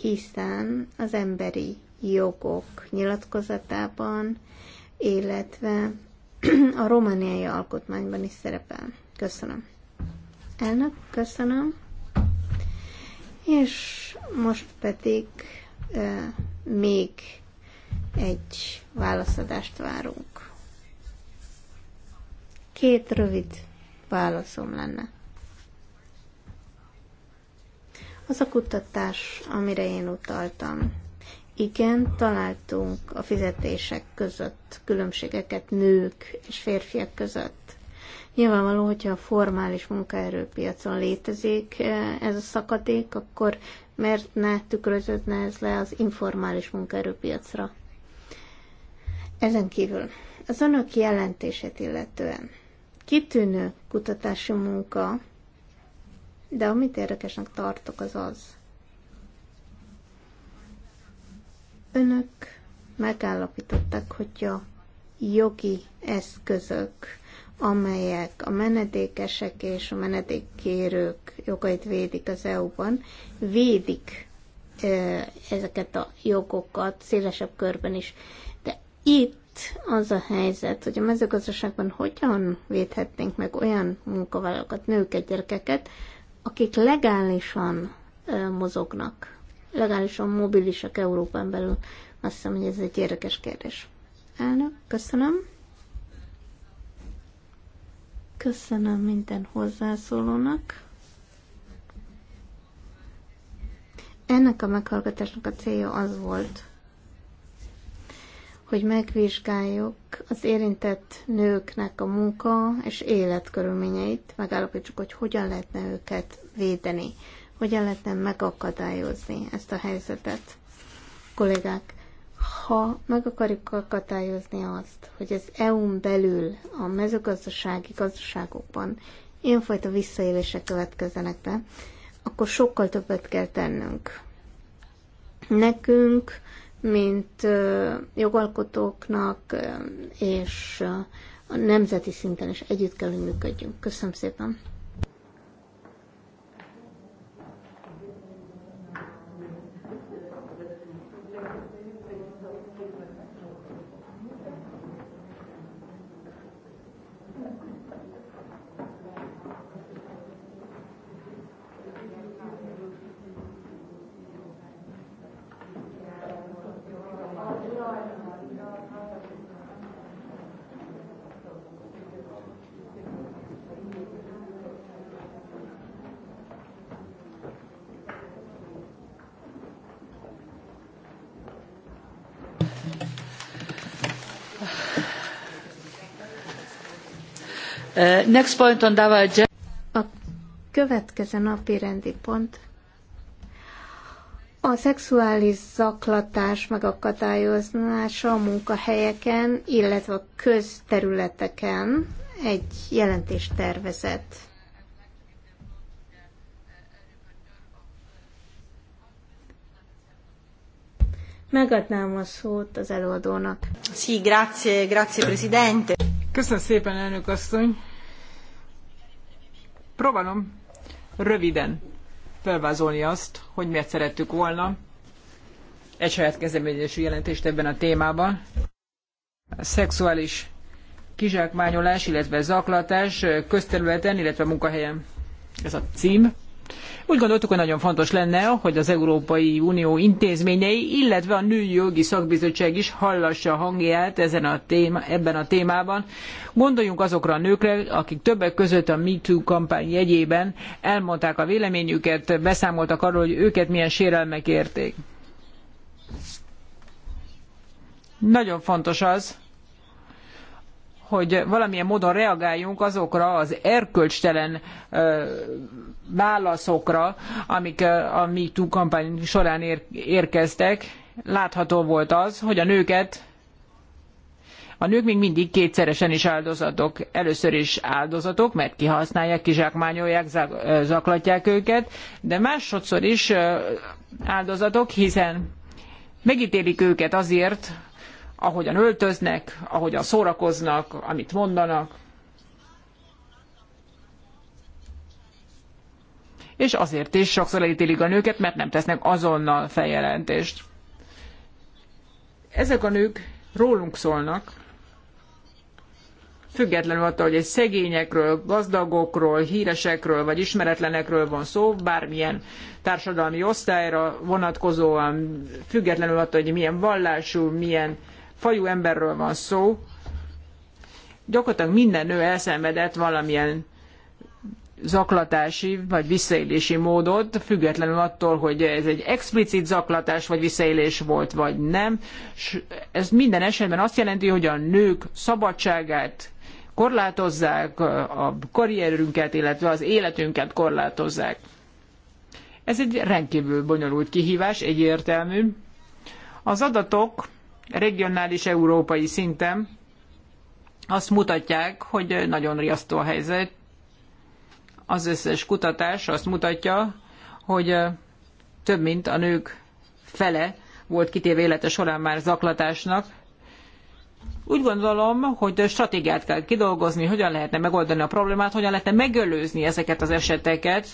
hiszen az emberi jogok nyilatkozatában, illetve a romániai alkotmányban is szerepel. Köszönöm. Elnök, köszönöm. És most pedig e, még egy válaszadást várunk. Két rövid válaszom lenne. Az a kutatás, amire én utaltam. Igen, találtunk a fizetések között különbségeket nők és férfiak között. Nyilvánvaló, hogyha a formális munkaerőpiacon létezik eh, ez a szakadék, akkor mert ne tükröződne ez le az informális munkaerőpiacra. Ezen kívül az önök jelentését illetően kitűnő kutatási munka de amit érdekesnek tartok, az az. Önök megállapították, hogy a jogi eszközök, amelyek a menedékesek és a menedékkérők jogait védik az EU-ban, védik ezeket a jogokat szélesebb körben is. De itt az a helyzet, hogy a mezőgazdaságban hogyan védhetnénk meg olyan munkavállalókat, nőket, gyerekeket, akik legálisan mozognak, legálisan mobilisak Európán belül. Azt hiszem, hogy ez egy érdekes kérdés. Elnök, köszönöm. Köszönöm minden hozzászólónak. Ennek a meghallgatásnak a célja az volt, hogy megvizsgáljuk az érintett nőknek a munka és életkörülményeit, megállapítsuk, hogy hogyan lehetne őket védeni, hogyan lehetne megakadályozni ezt a helyzetet. Kollégák, ha meg akarjuk akadályozni azt, hogy az EU-n belül a mezőgazdasági gazdaságokban ilyenfajta visszaélések következzenek be, akkor sokkal többet kell tennünk. Nekünk mint jogalkotóknak és a nemzeti szinten is együtt kell, hogy működjünk. Köszönöm szépen! Uh, next point on our agenda. A következő napi rendi pont a szexuális zaklatás megakadályozása a munkahelyeken, illetve a közterületeken egy jelentéstervezet. Megadnám a szót az előadónak. Sí, grazie, grazie, presidente. Köszönöm szépen, elnök asszony. Próbálom röviden felvázolni azt, hogy miért szerettük volna egy saját kezdeményezésű jelentést ebben a témában. A szexuális kizsákmányolás, illetve zaklatás közterületen, illetve munkahelyen. Ez a cím. Úgy gondoltuk, hogy nagyon fontos lenne, hogy az Európai Unió intézményei, illetve a női jogi szakbizottság is hallassa hangját ezen a téma, ebben a témában. Gondoljunk azokra a nőkre, akik többek között a MeToo kampány jegyében elmondták a véleményüket, beszámoltak arról, hogy őket milyen sérelmek érték. Nagyon fontos az, hogy valamilyen módon reagáljunk azokra az erkölcstelen válaszokra, amik a MeToo kampány során ér érkeztek. Látható volt az, hogy a nőket a nők még mindig kétszeresen is áldozatok. Először is áldozatok, mert kihasználják, kizsákmányolják, zaklatják őket, de másodszor is áldozatok, hiszen megítélik őket azért, ahogyan öltöznek, ahogyan szórakoznak, amit mondanak. És azért is sokszor elítélik a nőket, mert nem tesznek azonnal feljelentést. Ezek a nők rólunk szólnak, függetlenül attól, hogy egy szegényekről, gazdagokról, híresekről vagy ismeretlenekről van szó, bármilyen társadalmi osztályra vonatkozóan, függetlenül attól, hogy milyen vallású, milyen fajú emberről van szó. Gyakorlatilag minden nő elszenvedett valamilyen zaklatási vagy visszaélési módot, függetlenül attól, hogy ez egy explicit zaklatás vagy visszaélés volt, vagy nem. S ez minden esetben azt jelenti, hogy a nők szabadságát korlátozzák, a karrierünket, illetve az életünket korlátozzák. Ez egy rendkívül bonyolult kihívás, egyértelmű. Az adatok regionális európai szinten azt mutatják, hogy nagyon riasztó a helyzet. Az összes kutatás azt mutatja, hogy több mint a nők fele volt kitéve élete során már zaklatásnak. Úgy gondolom, hogy stratégiát kell kidolgozni, hogyan lehetne megoldani a problémát, hogyan lehetne megelőzni ezeket az eseteket,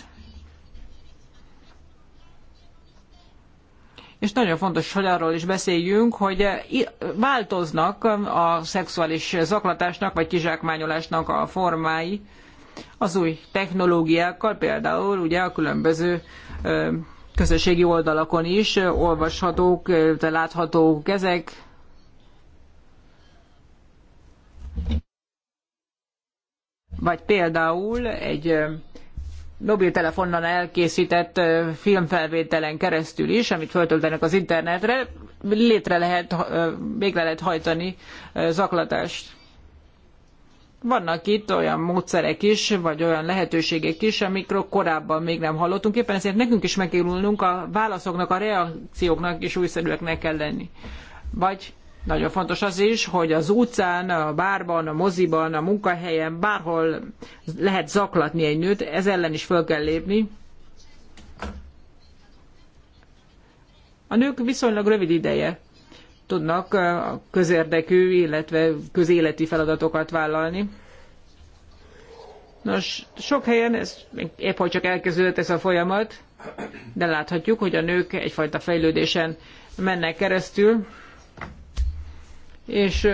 és nagyon fontos, hogy arról is beszéljünk, hogy eh, változnak a szexuális zaklatásnak vagy kizsákmányolásnak a formái az új technológiákkal, például ugye a különböző eh, közösségi oldalakon is eh, olvashatók, láthatók ezek. Vagy például egy mobiltelefonnal elkészített filmfelvételen keresztül is, amit föltöltenek az internetre, létre lehet, végre lehet hajtani zaklatást. Vannak itt olyan módszerek is, vagy olyan lehetőségek is, amikről korábban még nem hallottunk. Éppen ezért nekünk is meg kell a válaszoknak, a reakcióknak és újszerűeknek kell lenni. Vagy nagyon fontos az is, hogy az utcán, a bárban, a moziban, a munkahelyen, bárhol lehet zaklatni egy nőt, ez ellen is föl kell lépni. A nők viszonylag rövid ideje tudnak a közérdekű, illetve közéleti feladatokat vállalni. Nos, sok helyen ez épp hogy csak elkezdődött ez a folyamat, de láthatjuk, hogy a nők egyfajta fejlődésen mennek keresztül és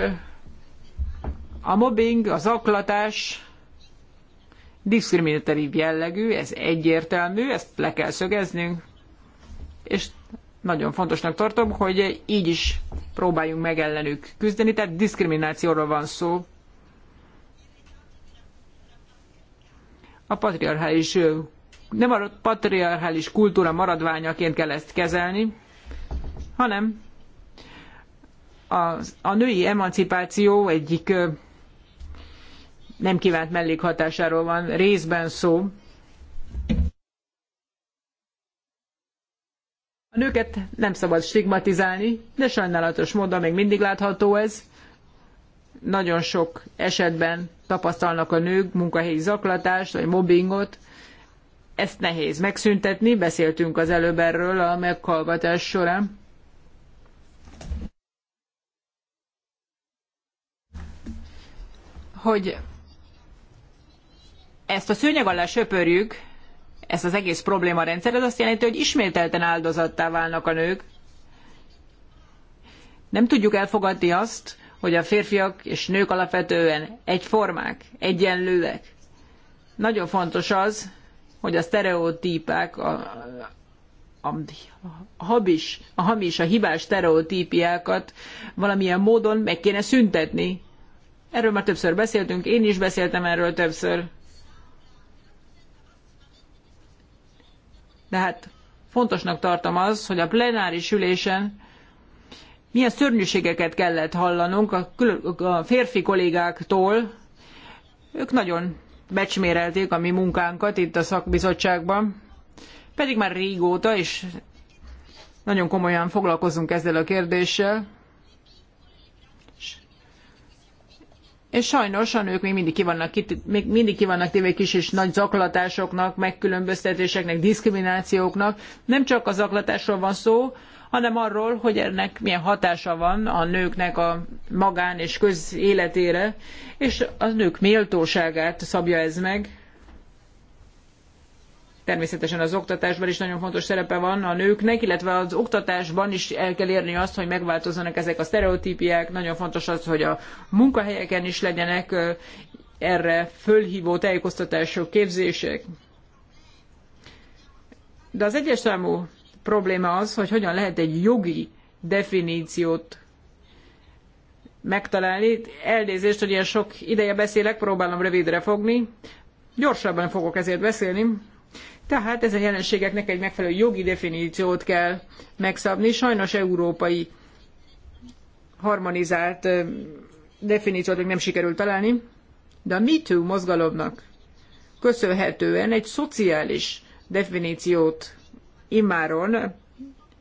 a mobbing, az aklatás diszkriminatív jellegű, ez egyértelmű, ezt le kell szögeznünk, és nagyon fontosnak tartom, hogy így is próbáljunk meg ellenük küzdeni, tehát diszkriminációról van szó. A patriarchális, nem a patriarchális kultúra maradványaként kell ezt kezelni, hanem a, a női emancipáció egyik nem kívánt mellékhatásáról van részben szó. A nőket nem szabad stigmatizálni, de sajnálatos módon még mindig látható ez. Nagyon sok esetben tapasztalnak a nők munkahelyi zaklatást vagy mobbingot. Ezt nehéz megszüntetni, beszéltünk az előbb erről a meghallgatás során. hogy ezt a szőnyeg alá söpörjük, ezt az egész problémarendszer, ez azt jelenti, hogy ismételten áldozattá válnak a nők. Nem tudjuk elfogadni azt, hogy a férfiak és nők alapvetően egyformák, egyenlőek. Nagyon fontos az, hogy a sztereotípák, a, a, a, habis, a hamis, a hibás sztereotípiákat valamilyen módon meg kéne szüntetni. Erről már többször beszéltünk, én is beszéltem erről többször. De hát fontosnak tartom az, hogy a plenáris ülésen milyen szörnyűségeket kellett hallanunk a, a férfi kollégáktól. Ők nagyon becsmérelték a mi munkánkat itt a szakbizottságban, pedig már régóta, és nagyon komolyan foglalkozunk ezzel a kérdéssel. és sajnos a nők még mindig ki vannak, még mindig ki vannak téve kis és nagy zaklatásoknak, megkülönböztetéseknek, diszkriminációknak. Nem csak a zaklatásról van szó, hanem arról, hogy ennek milyen hatása van a nőknek a magán és közéletére, és a nők méltóságát szabja ez meg. Természetesen az oktatásban is nagyon fontos szerepe van a nőknek, illetve az oktatásban is el kell érni azt, hogy megváltozzanak ezek a sztereotípiák. Nagyon fontos az, hogy a munkahelyeken is legyenek erre fölhívó tájékoztatások, képzések. De az egyes számú probléma az, hogy hogyan lehet egy jogi definíciót megtalálni. Elnézést, hogy ilyen sok ideje beszélek, próbálom rövidre fogni. Gyorsabban fogok ezért beszélni. Tehát a jelenségeknek egy megfelelő jogi definíciót kell megszabni. Sajnos európai harmonizált definíciót még nem sikerült találni, de a MeToo mozgalomnak köszönhetően egy szociális definíciót immáron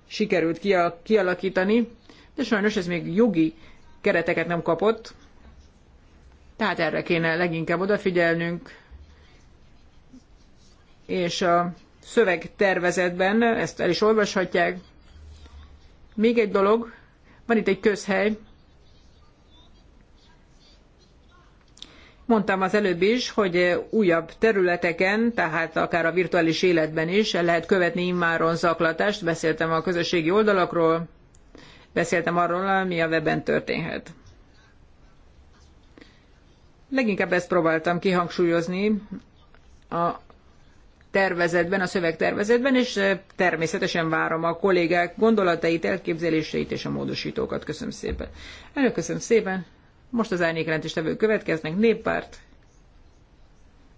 sikerült kialakítani, de sajnos ez még jogi kereteket nem kapott, tehát erre kéne leginkább odafigyelnünk, és a szövegtervezetben, ezt el is olvashatják. Még egy dolog, van itt egy közhely. Mondtam az előbb is, hogy újabb területeken, tehát akár a virtuális életben is el lehet követni immáron zaklatást. Beszéltem a közösségi oldalakról, beszéltem arról, mi a webben történhet. Leginkább ezt próbáltam kihangsúlyozni a tervezetben, a szövegtervezetben, és természetesen várom a kollégák gondolatait, elképzeléseit és a módosítókat. Köszönöm szépen. Elnök, köszönöm szépen. Most az árnyékjelentéstevők következnek. Néppárt.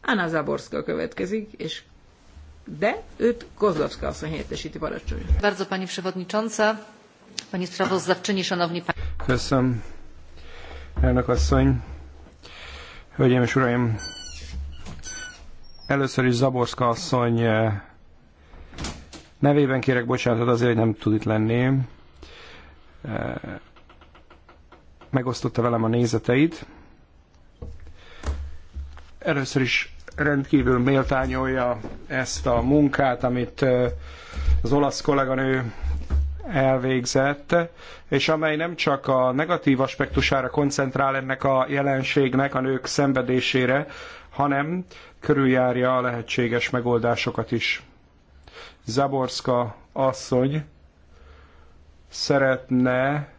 Anna Zaborska következik, és de őt Kozlovska asszony helyettesíti parancsolja. Bardzo pani przewodnicząca, pani sprawozdawczyni, szanowni pani. Köszönöm. Elnök asszony, hölgyeim és uraim, Először is Zaborszka asszony eh, nevében kérek bocsánatot azért, hogy nem tud itt lenni. Eh, megosztotta velem a nézeteit. Először is rendkívül méltányolja ezt a munkát, amit eh, az olasz kolléganő elvégzett, és amely nem csak a negatív aspektusára koncentrál ennek a jelenségnek, a nők szenvedésére, hanem körüljárja a lehetséges megoldásokat is. Zaborska asszony szeretne,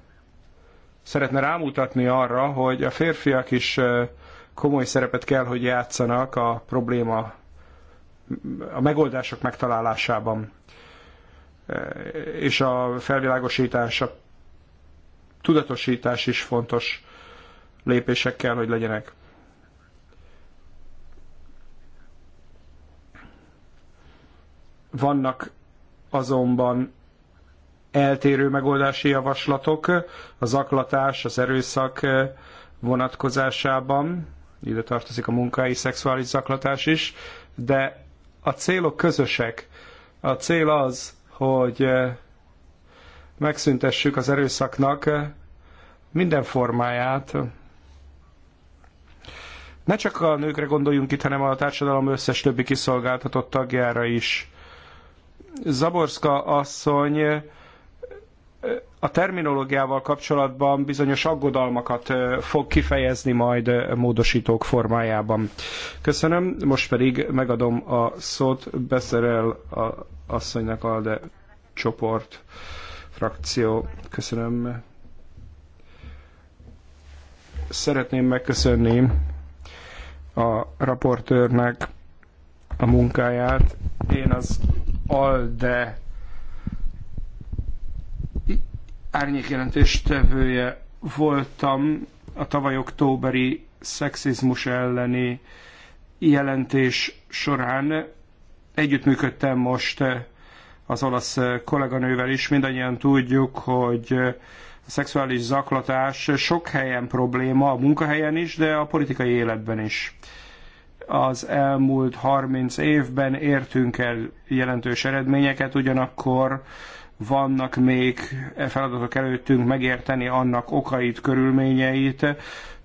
szeretne rámutatni arra, hogy a férfiak is komoly szerepet kell, hogy játszanak a probléma, a megoldások megtalálásában és a felvilágosítás, a tudatosítás is fontos lépések kell, hogy legyenek. Vannak azonban eltérő megoldási javaslatok a zaklatás, az erőszak eh, vonatkozásában, ide tartozik a munkai szexuális zaklatás is, de a célok közösek. A cél az, hogy eh, megszüntessük az erőszaknak eh, minden formáját. Ne csak a nőkre gondoljunk itt, hanem a társadalom összes többi kiszolgáltatott tagjára is. Zaborska asszony a terminológiával kapcsolatban bizonyos aggodalmakat fog kifejezni majd módosítók formájában. Köszönöm, most pedig megadom a szót Beszerel a asszonynak a de csoport frakció. Köszönöm. Szeretném megköszönni a raportőrnek a munkáját. Én az ALDE árnyékjelentéstevője voltam a tavaly októberi szexizmus elleni jelentés során. Együttműködtem most eh, az olasz eh, kolléganővel is, mindannyian tudjuk, hogy eh, a szexuális zaklatás sok helyen probléma, a munkahelyen is, de a politikai életben is az elmúlt 30 évben értünk el jelentős eredményeket, ugyanakkor vannak még feladatok előttünk megérteni annak okait, körülményeit.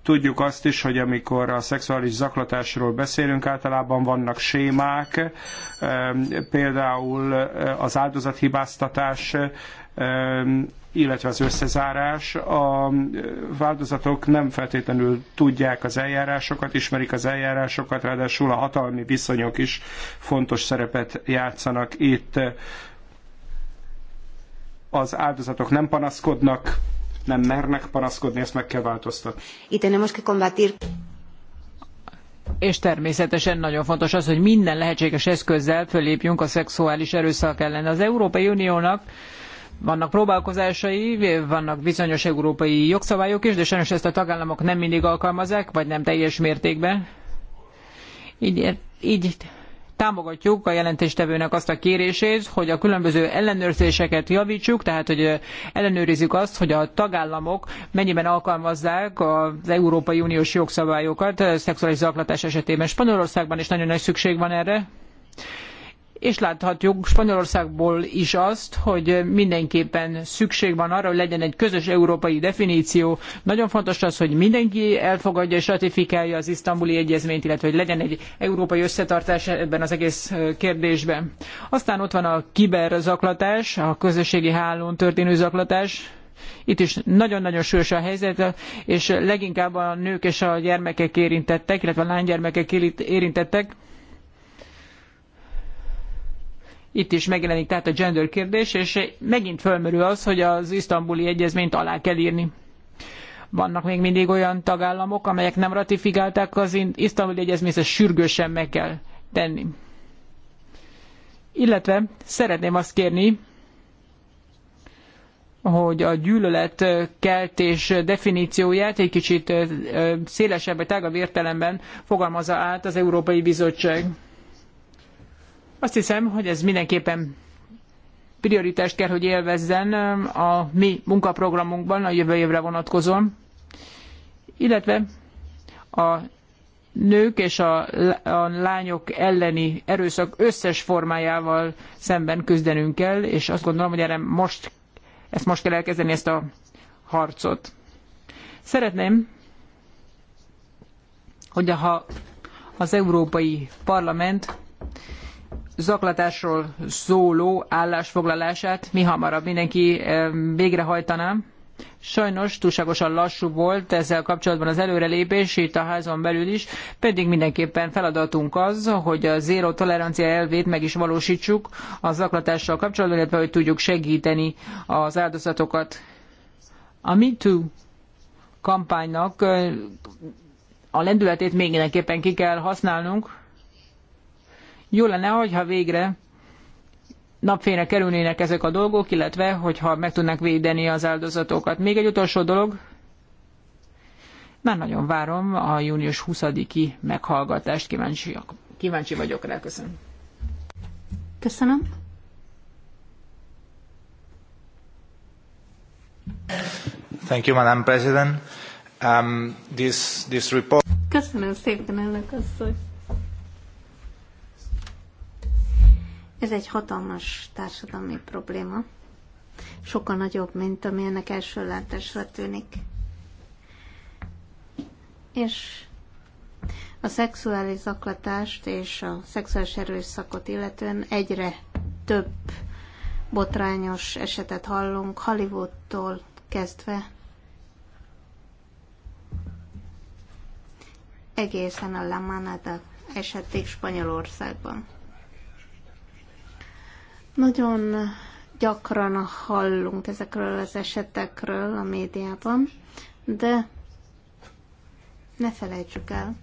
Tudjuk azt is, hogy amikor a szexuális zaklatásról beszélünk, általában vannak sémák, ehm, például eh, az áldozathibáztatás ehm, illetve az összezárás. A változatok nem feltétlenül tudják az eljárásokat, ismerik az eljárásokat, ráadásul a hatalmi viszonyok is fontos szerepet játszanak itt. Az áldozatok nem panaszkodnak, nem mernek panaszkodni, ezt meg kell változtatni. Itt tenemos que combatir és természetesen nagyon fontos az, hogy minden lehetséges eszközzel fölépjünk a szexuális erőszak ellen. Az Európai Uniónak vannak próbálkozásai, vannak bizonyos európai jogszabályok is, de sajnos ezt a tagállamok nem mindig alkalmazzák, vagy nem teljes mértékben. Így, így támogatjuk a jelentéstevőnek azt a kérését, hogy a különböző ellenőrzéseket javítsuk, tehát hogy ellenőrizzük azt, hogy a tagállamok mennyiben alkalmazzák az Európai Uniós jogszabályokat szexuális zaklatás esetében. Spanyolországban is nagyon nagy szükség van erre és láthatjuk Spanyolországból is azt, hogy mindenképpen szükség van arra, hogy legyen egy közös európai definíció. Nagyon fontos az, hogy mindenki elfogadja és ratifikálja az isztambuli egyezményt, illetve hogy legyen egy európai összetartás ebben az egész kérdésben. Aztán ott van a kiberzaklatás, a közösségi hálón történő zaklatás, itt is nagyon-nagyon súlyos a helyzet, és leginkább a nők és a gyermekek érintettek, illetve a lánygyermekek érintettek. Itt is megjelenik tehát a gender kérdés, és megint fölmerül az, hogy az isztambuli egyezményt alá kell írni. Vannak még mindig olyan tagállamok, amelyek nem ratifikálták az isztambuli egyezményt, ezt sürgősen meg kell tenni. Illetve szeretném azt kérni, hogy a keltés definícióját egy kicsit szélesebb vagy tágabb értelemben fogalmazza át az Európai Bizottság. Azt hiszem, hogy ez mindenképpen prioritást kell, hogy élvezzen um, a mi munkaprogramunkban a jövő évre vonatkozóan, illetve a nők és a, a lányok elleni erőszak összes formájával szemben küzdenünk kell, és azt gondolom, hogy erre most, ezt most kell elkezdeni, ezt a harcot. Szeretném, hogy ha az Európai Parlament zaklatásról szóló állásfoglalását mi hamarabb mindenki végrehajtaná. Sajnos túlságosan lassú volt ezzel kapcsolatban az előrelépés itt a házon belül is, pedig mindenképpen feladatunk az, hogy a zéró tolerancia elvét meg is valósítsuk a zaklatással kapcsolatban, illetve hogy tudjuk segíteni az áldozatokat. A MeToo kampánynak a lendületét még mindenképpen ki kell használnunk, jó lenne, hogyha végre napfényre kerülnének ezek a dolgok, illetve hogyha meg tudnak védeni az áldozatokat. Még egy utolsó dolog, már nagyon várom a június 20-i meghallgatást, kíváncsi, kíváncsi vagyok rá, köszönöm. Köszönöm. Thank you, Madam President. Um, this, this report... Köszönöm szépen, elnök asszony. Ez egy hatalmas társadalmi probléma. Sokkal nagyobb, mint ami ennek első látásra tűnik. És a szexuális zaklatást és a szexuális erőszakot illetően egyre több botrányos esetet hallunk, Hollywoodtól kezdve egészen a Lamanada esetig Spanyolországban. Nagyon gyakran hallunk ezekről az esetekről a médiában, de ne felejtsük el,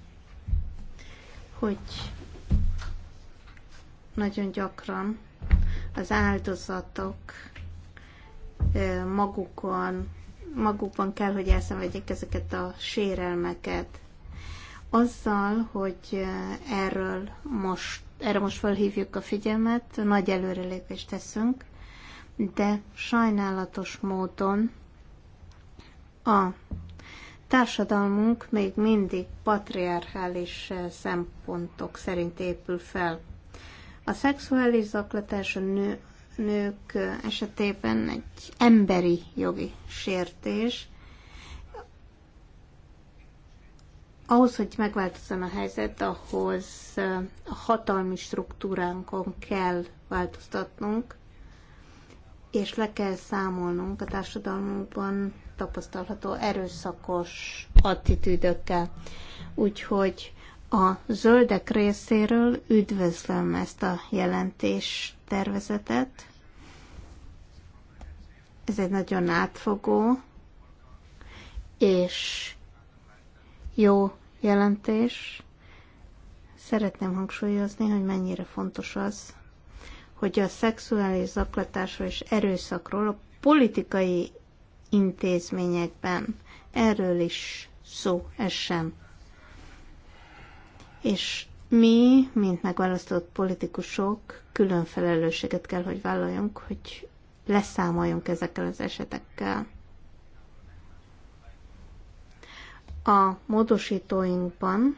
hogy nagyon gyakran az áldozatok magukon, magukban kell, hogy elszenvedjék ezeket a sérelmeket. Azzal, hogy erről most erre most felhívjuk a figyelmet, nagy előrelépést teszünk, de sajnálatos módon a társadalmunk még mindig patriarchális eh, szempontok szerint épül fel. A szexuális zaklatás a nő, nők eh, esetében egy emberi jogi sértés, ahhoz, hogy megváltozzon a helyzet, ahhoz eh, a hatalmi struktúránkon kell változtatnunk, és le kell számolnunk a társadalmunkban tapasztalható erőszakos attitűdökkel. Úgyhogy a zöldek részéről üdvözlöm ezt a jelentés tervezetet. Ez egy nagyon átfogó és jó jelentés. Szeretném hangsúlyozni, hogy mennyire fontos az, hogy a szexuális zaklatásról és erőszakról a politikai intézményekben erről is szó essen. És mi, mint megválasztott politikusok, külön felelősséget kell, hogy vállaljunk, hogy leszámoljunk ezekkel az esetekkel. A módosítóinkban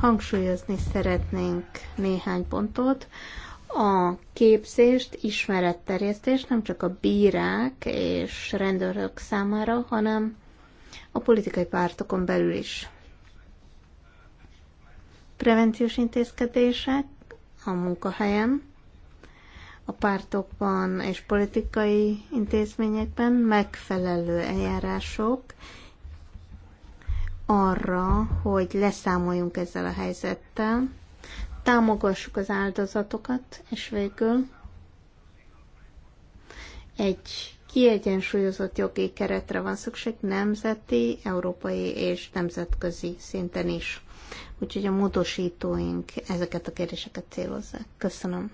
hangsúlyozni szeretnénk néhány pontot. A képzést, ismeretterjesztést nem csak a bírák és rendőrök számára, hanem a politikai pártokon belül is. Prevenciós intézkedések a munkahelyen, a pártokban és politikai intézményekben megfelelő eljárások arra, hogy leszámoljunk ezzel a helyzettel, támogassuk az áldozatokat, és végül egy kiegyensúlyozott jogi keretre van szükség nemzeti, európai és nemzetközi szinten is. Úgyhogy a módosítóink ezeket a kérdéseket célozzák. Köszönöm.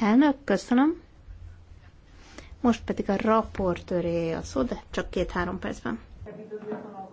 Elnök, köszönöm. Most pedig a raportőré a szó, de csak két-három percben.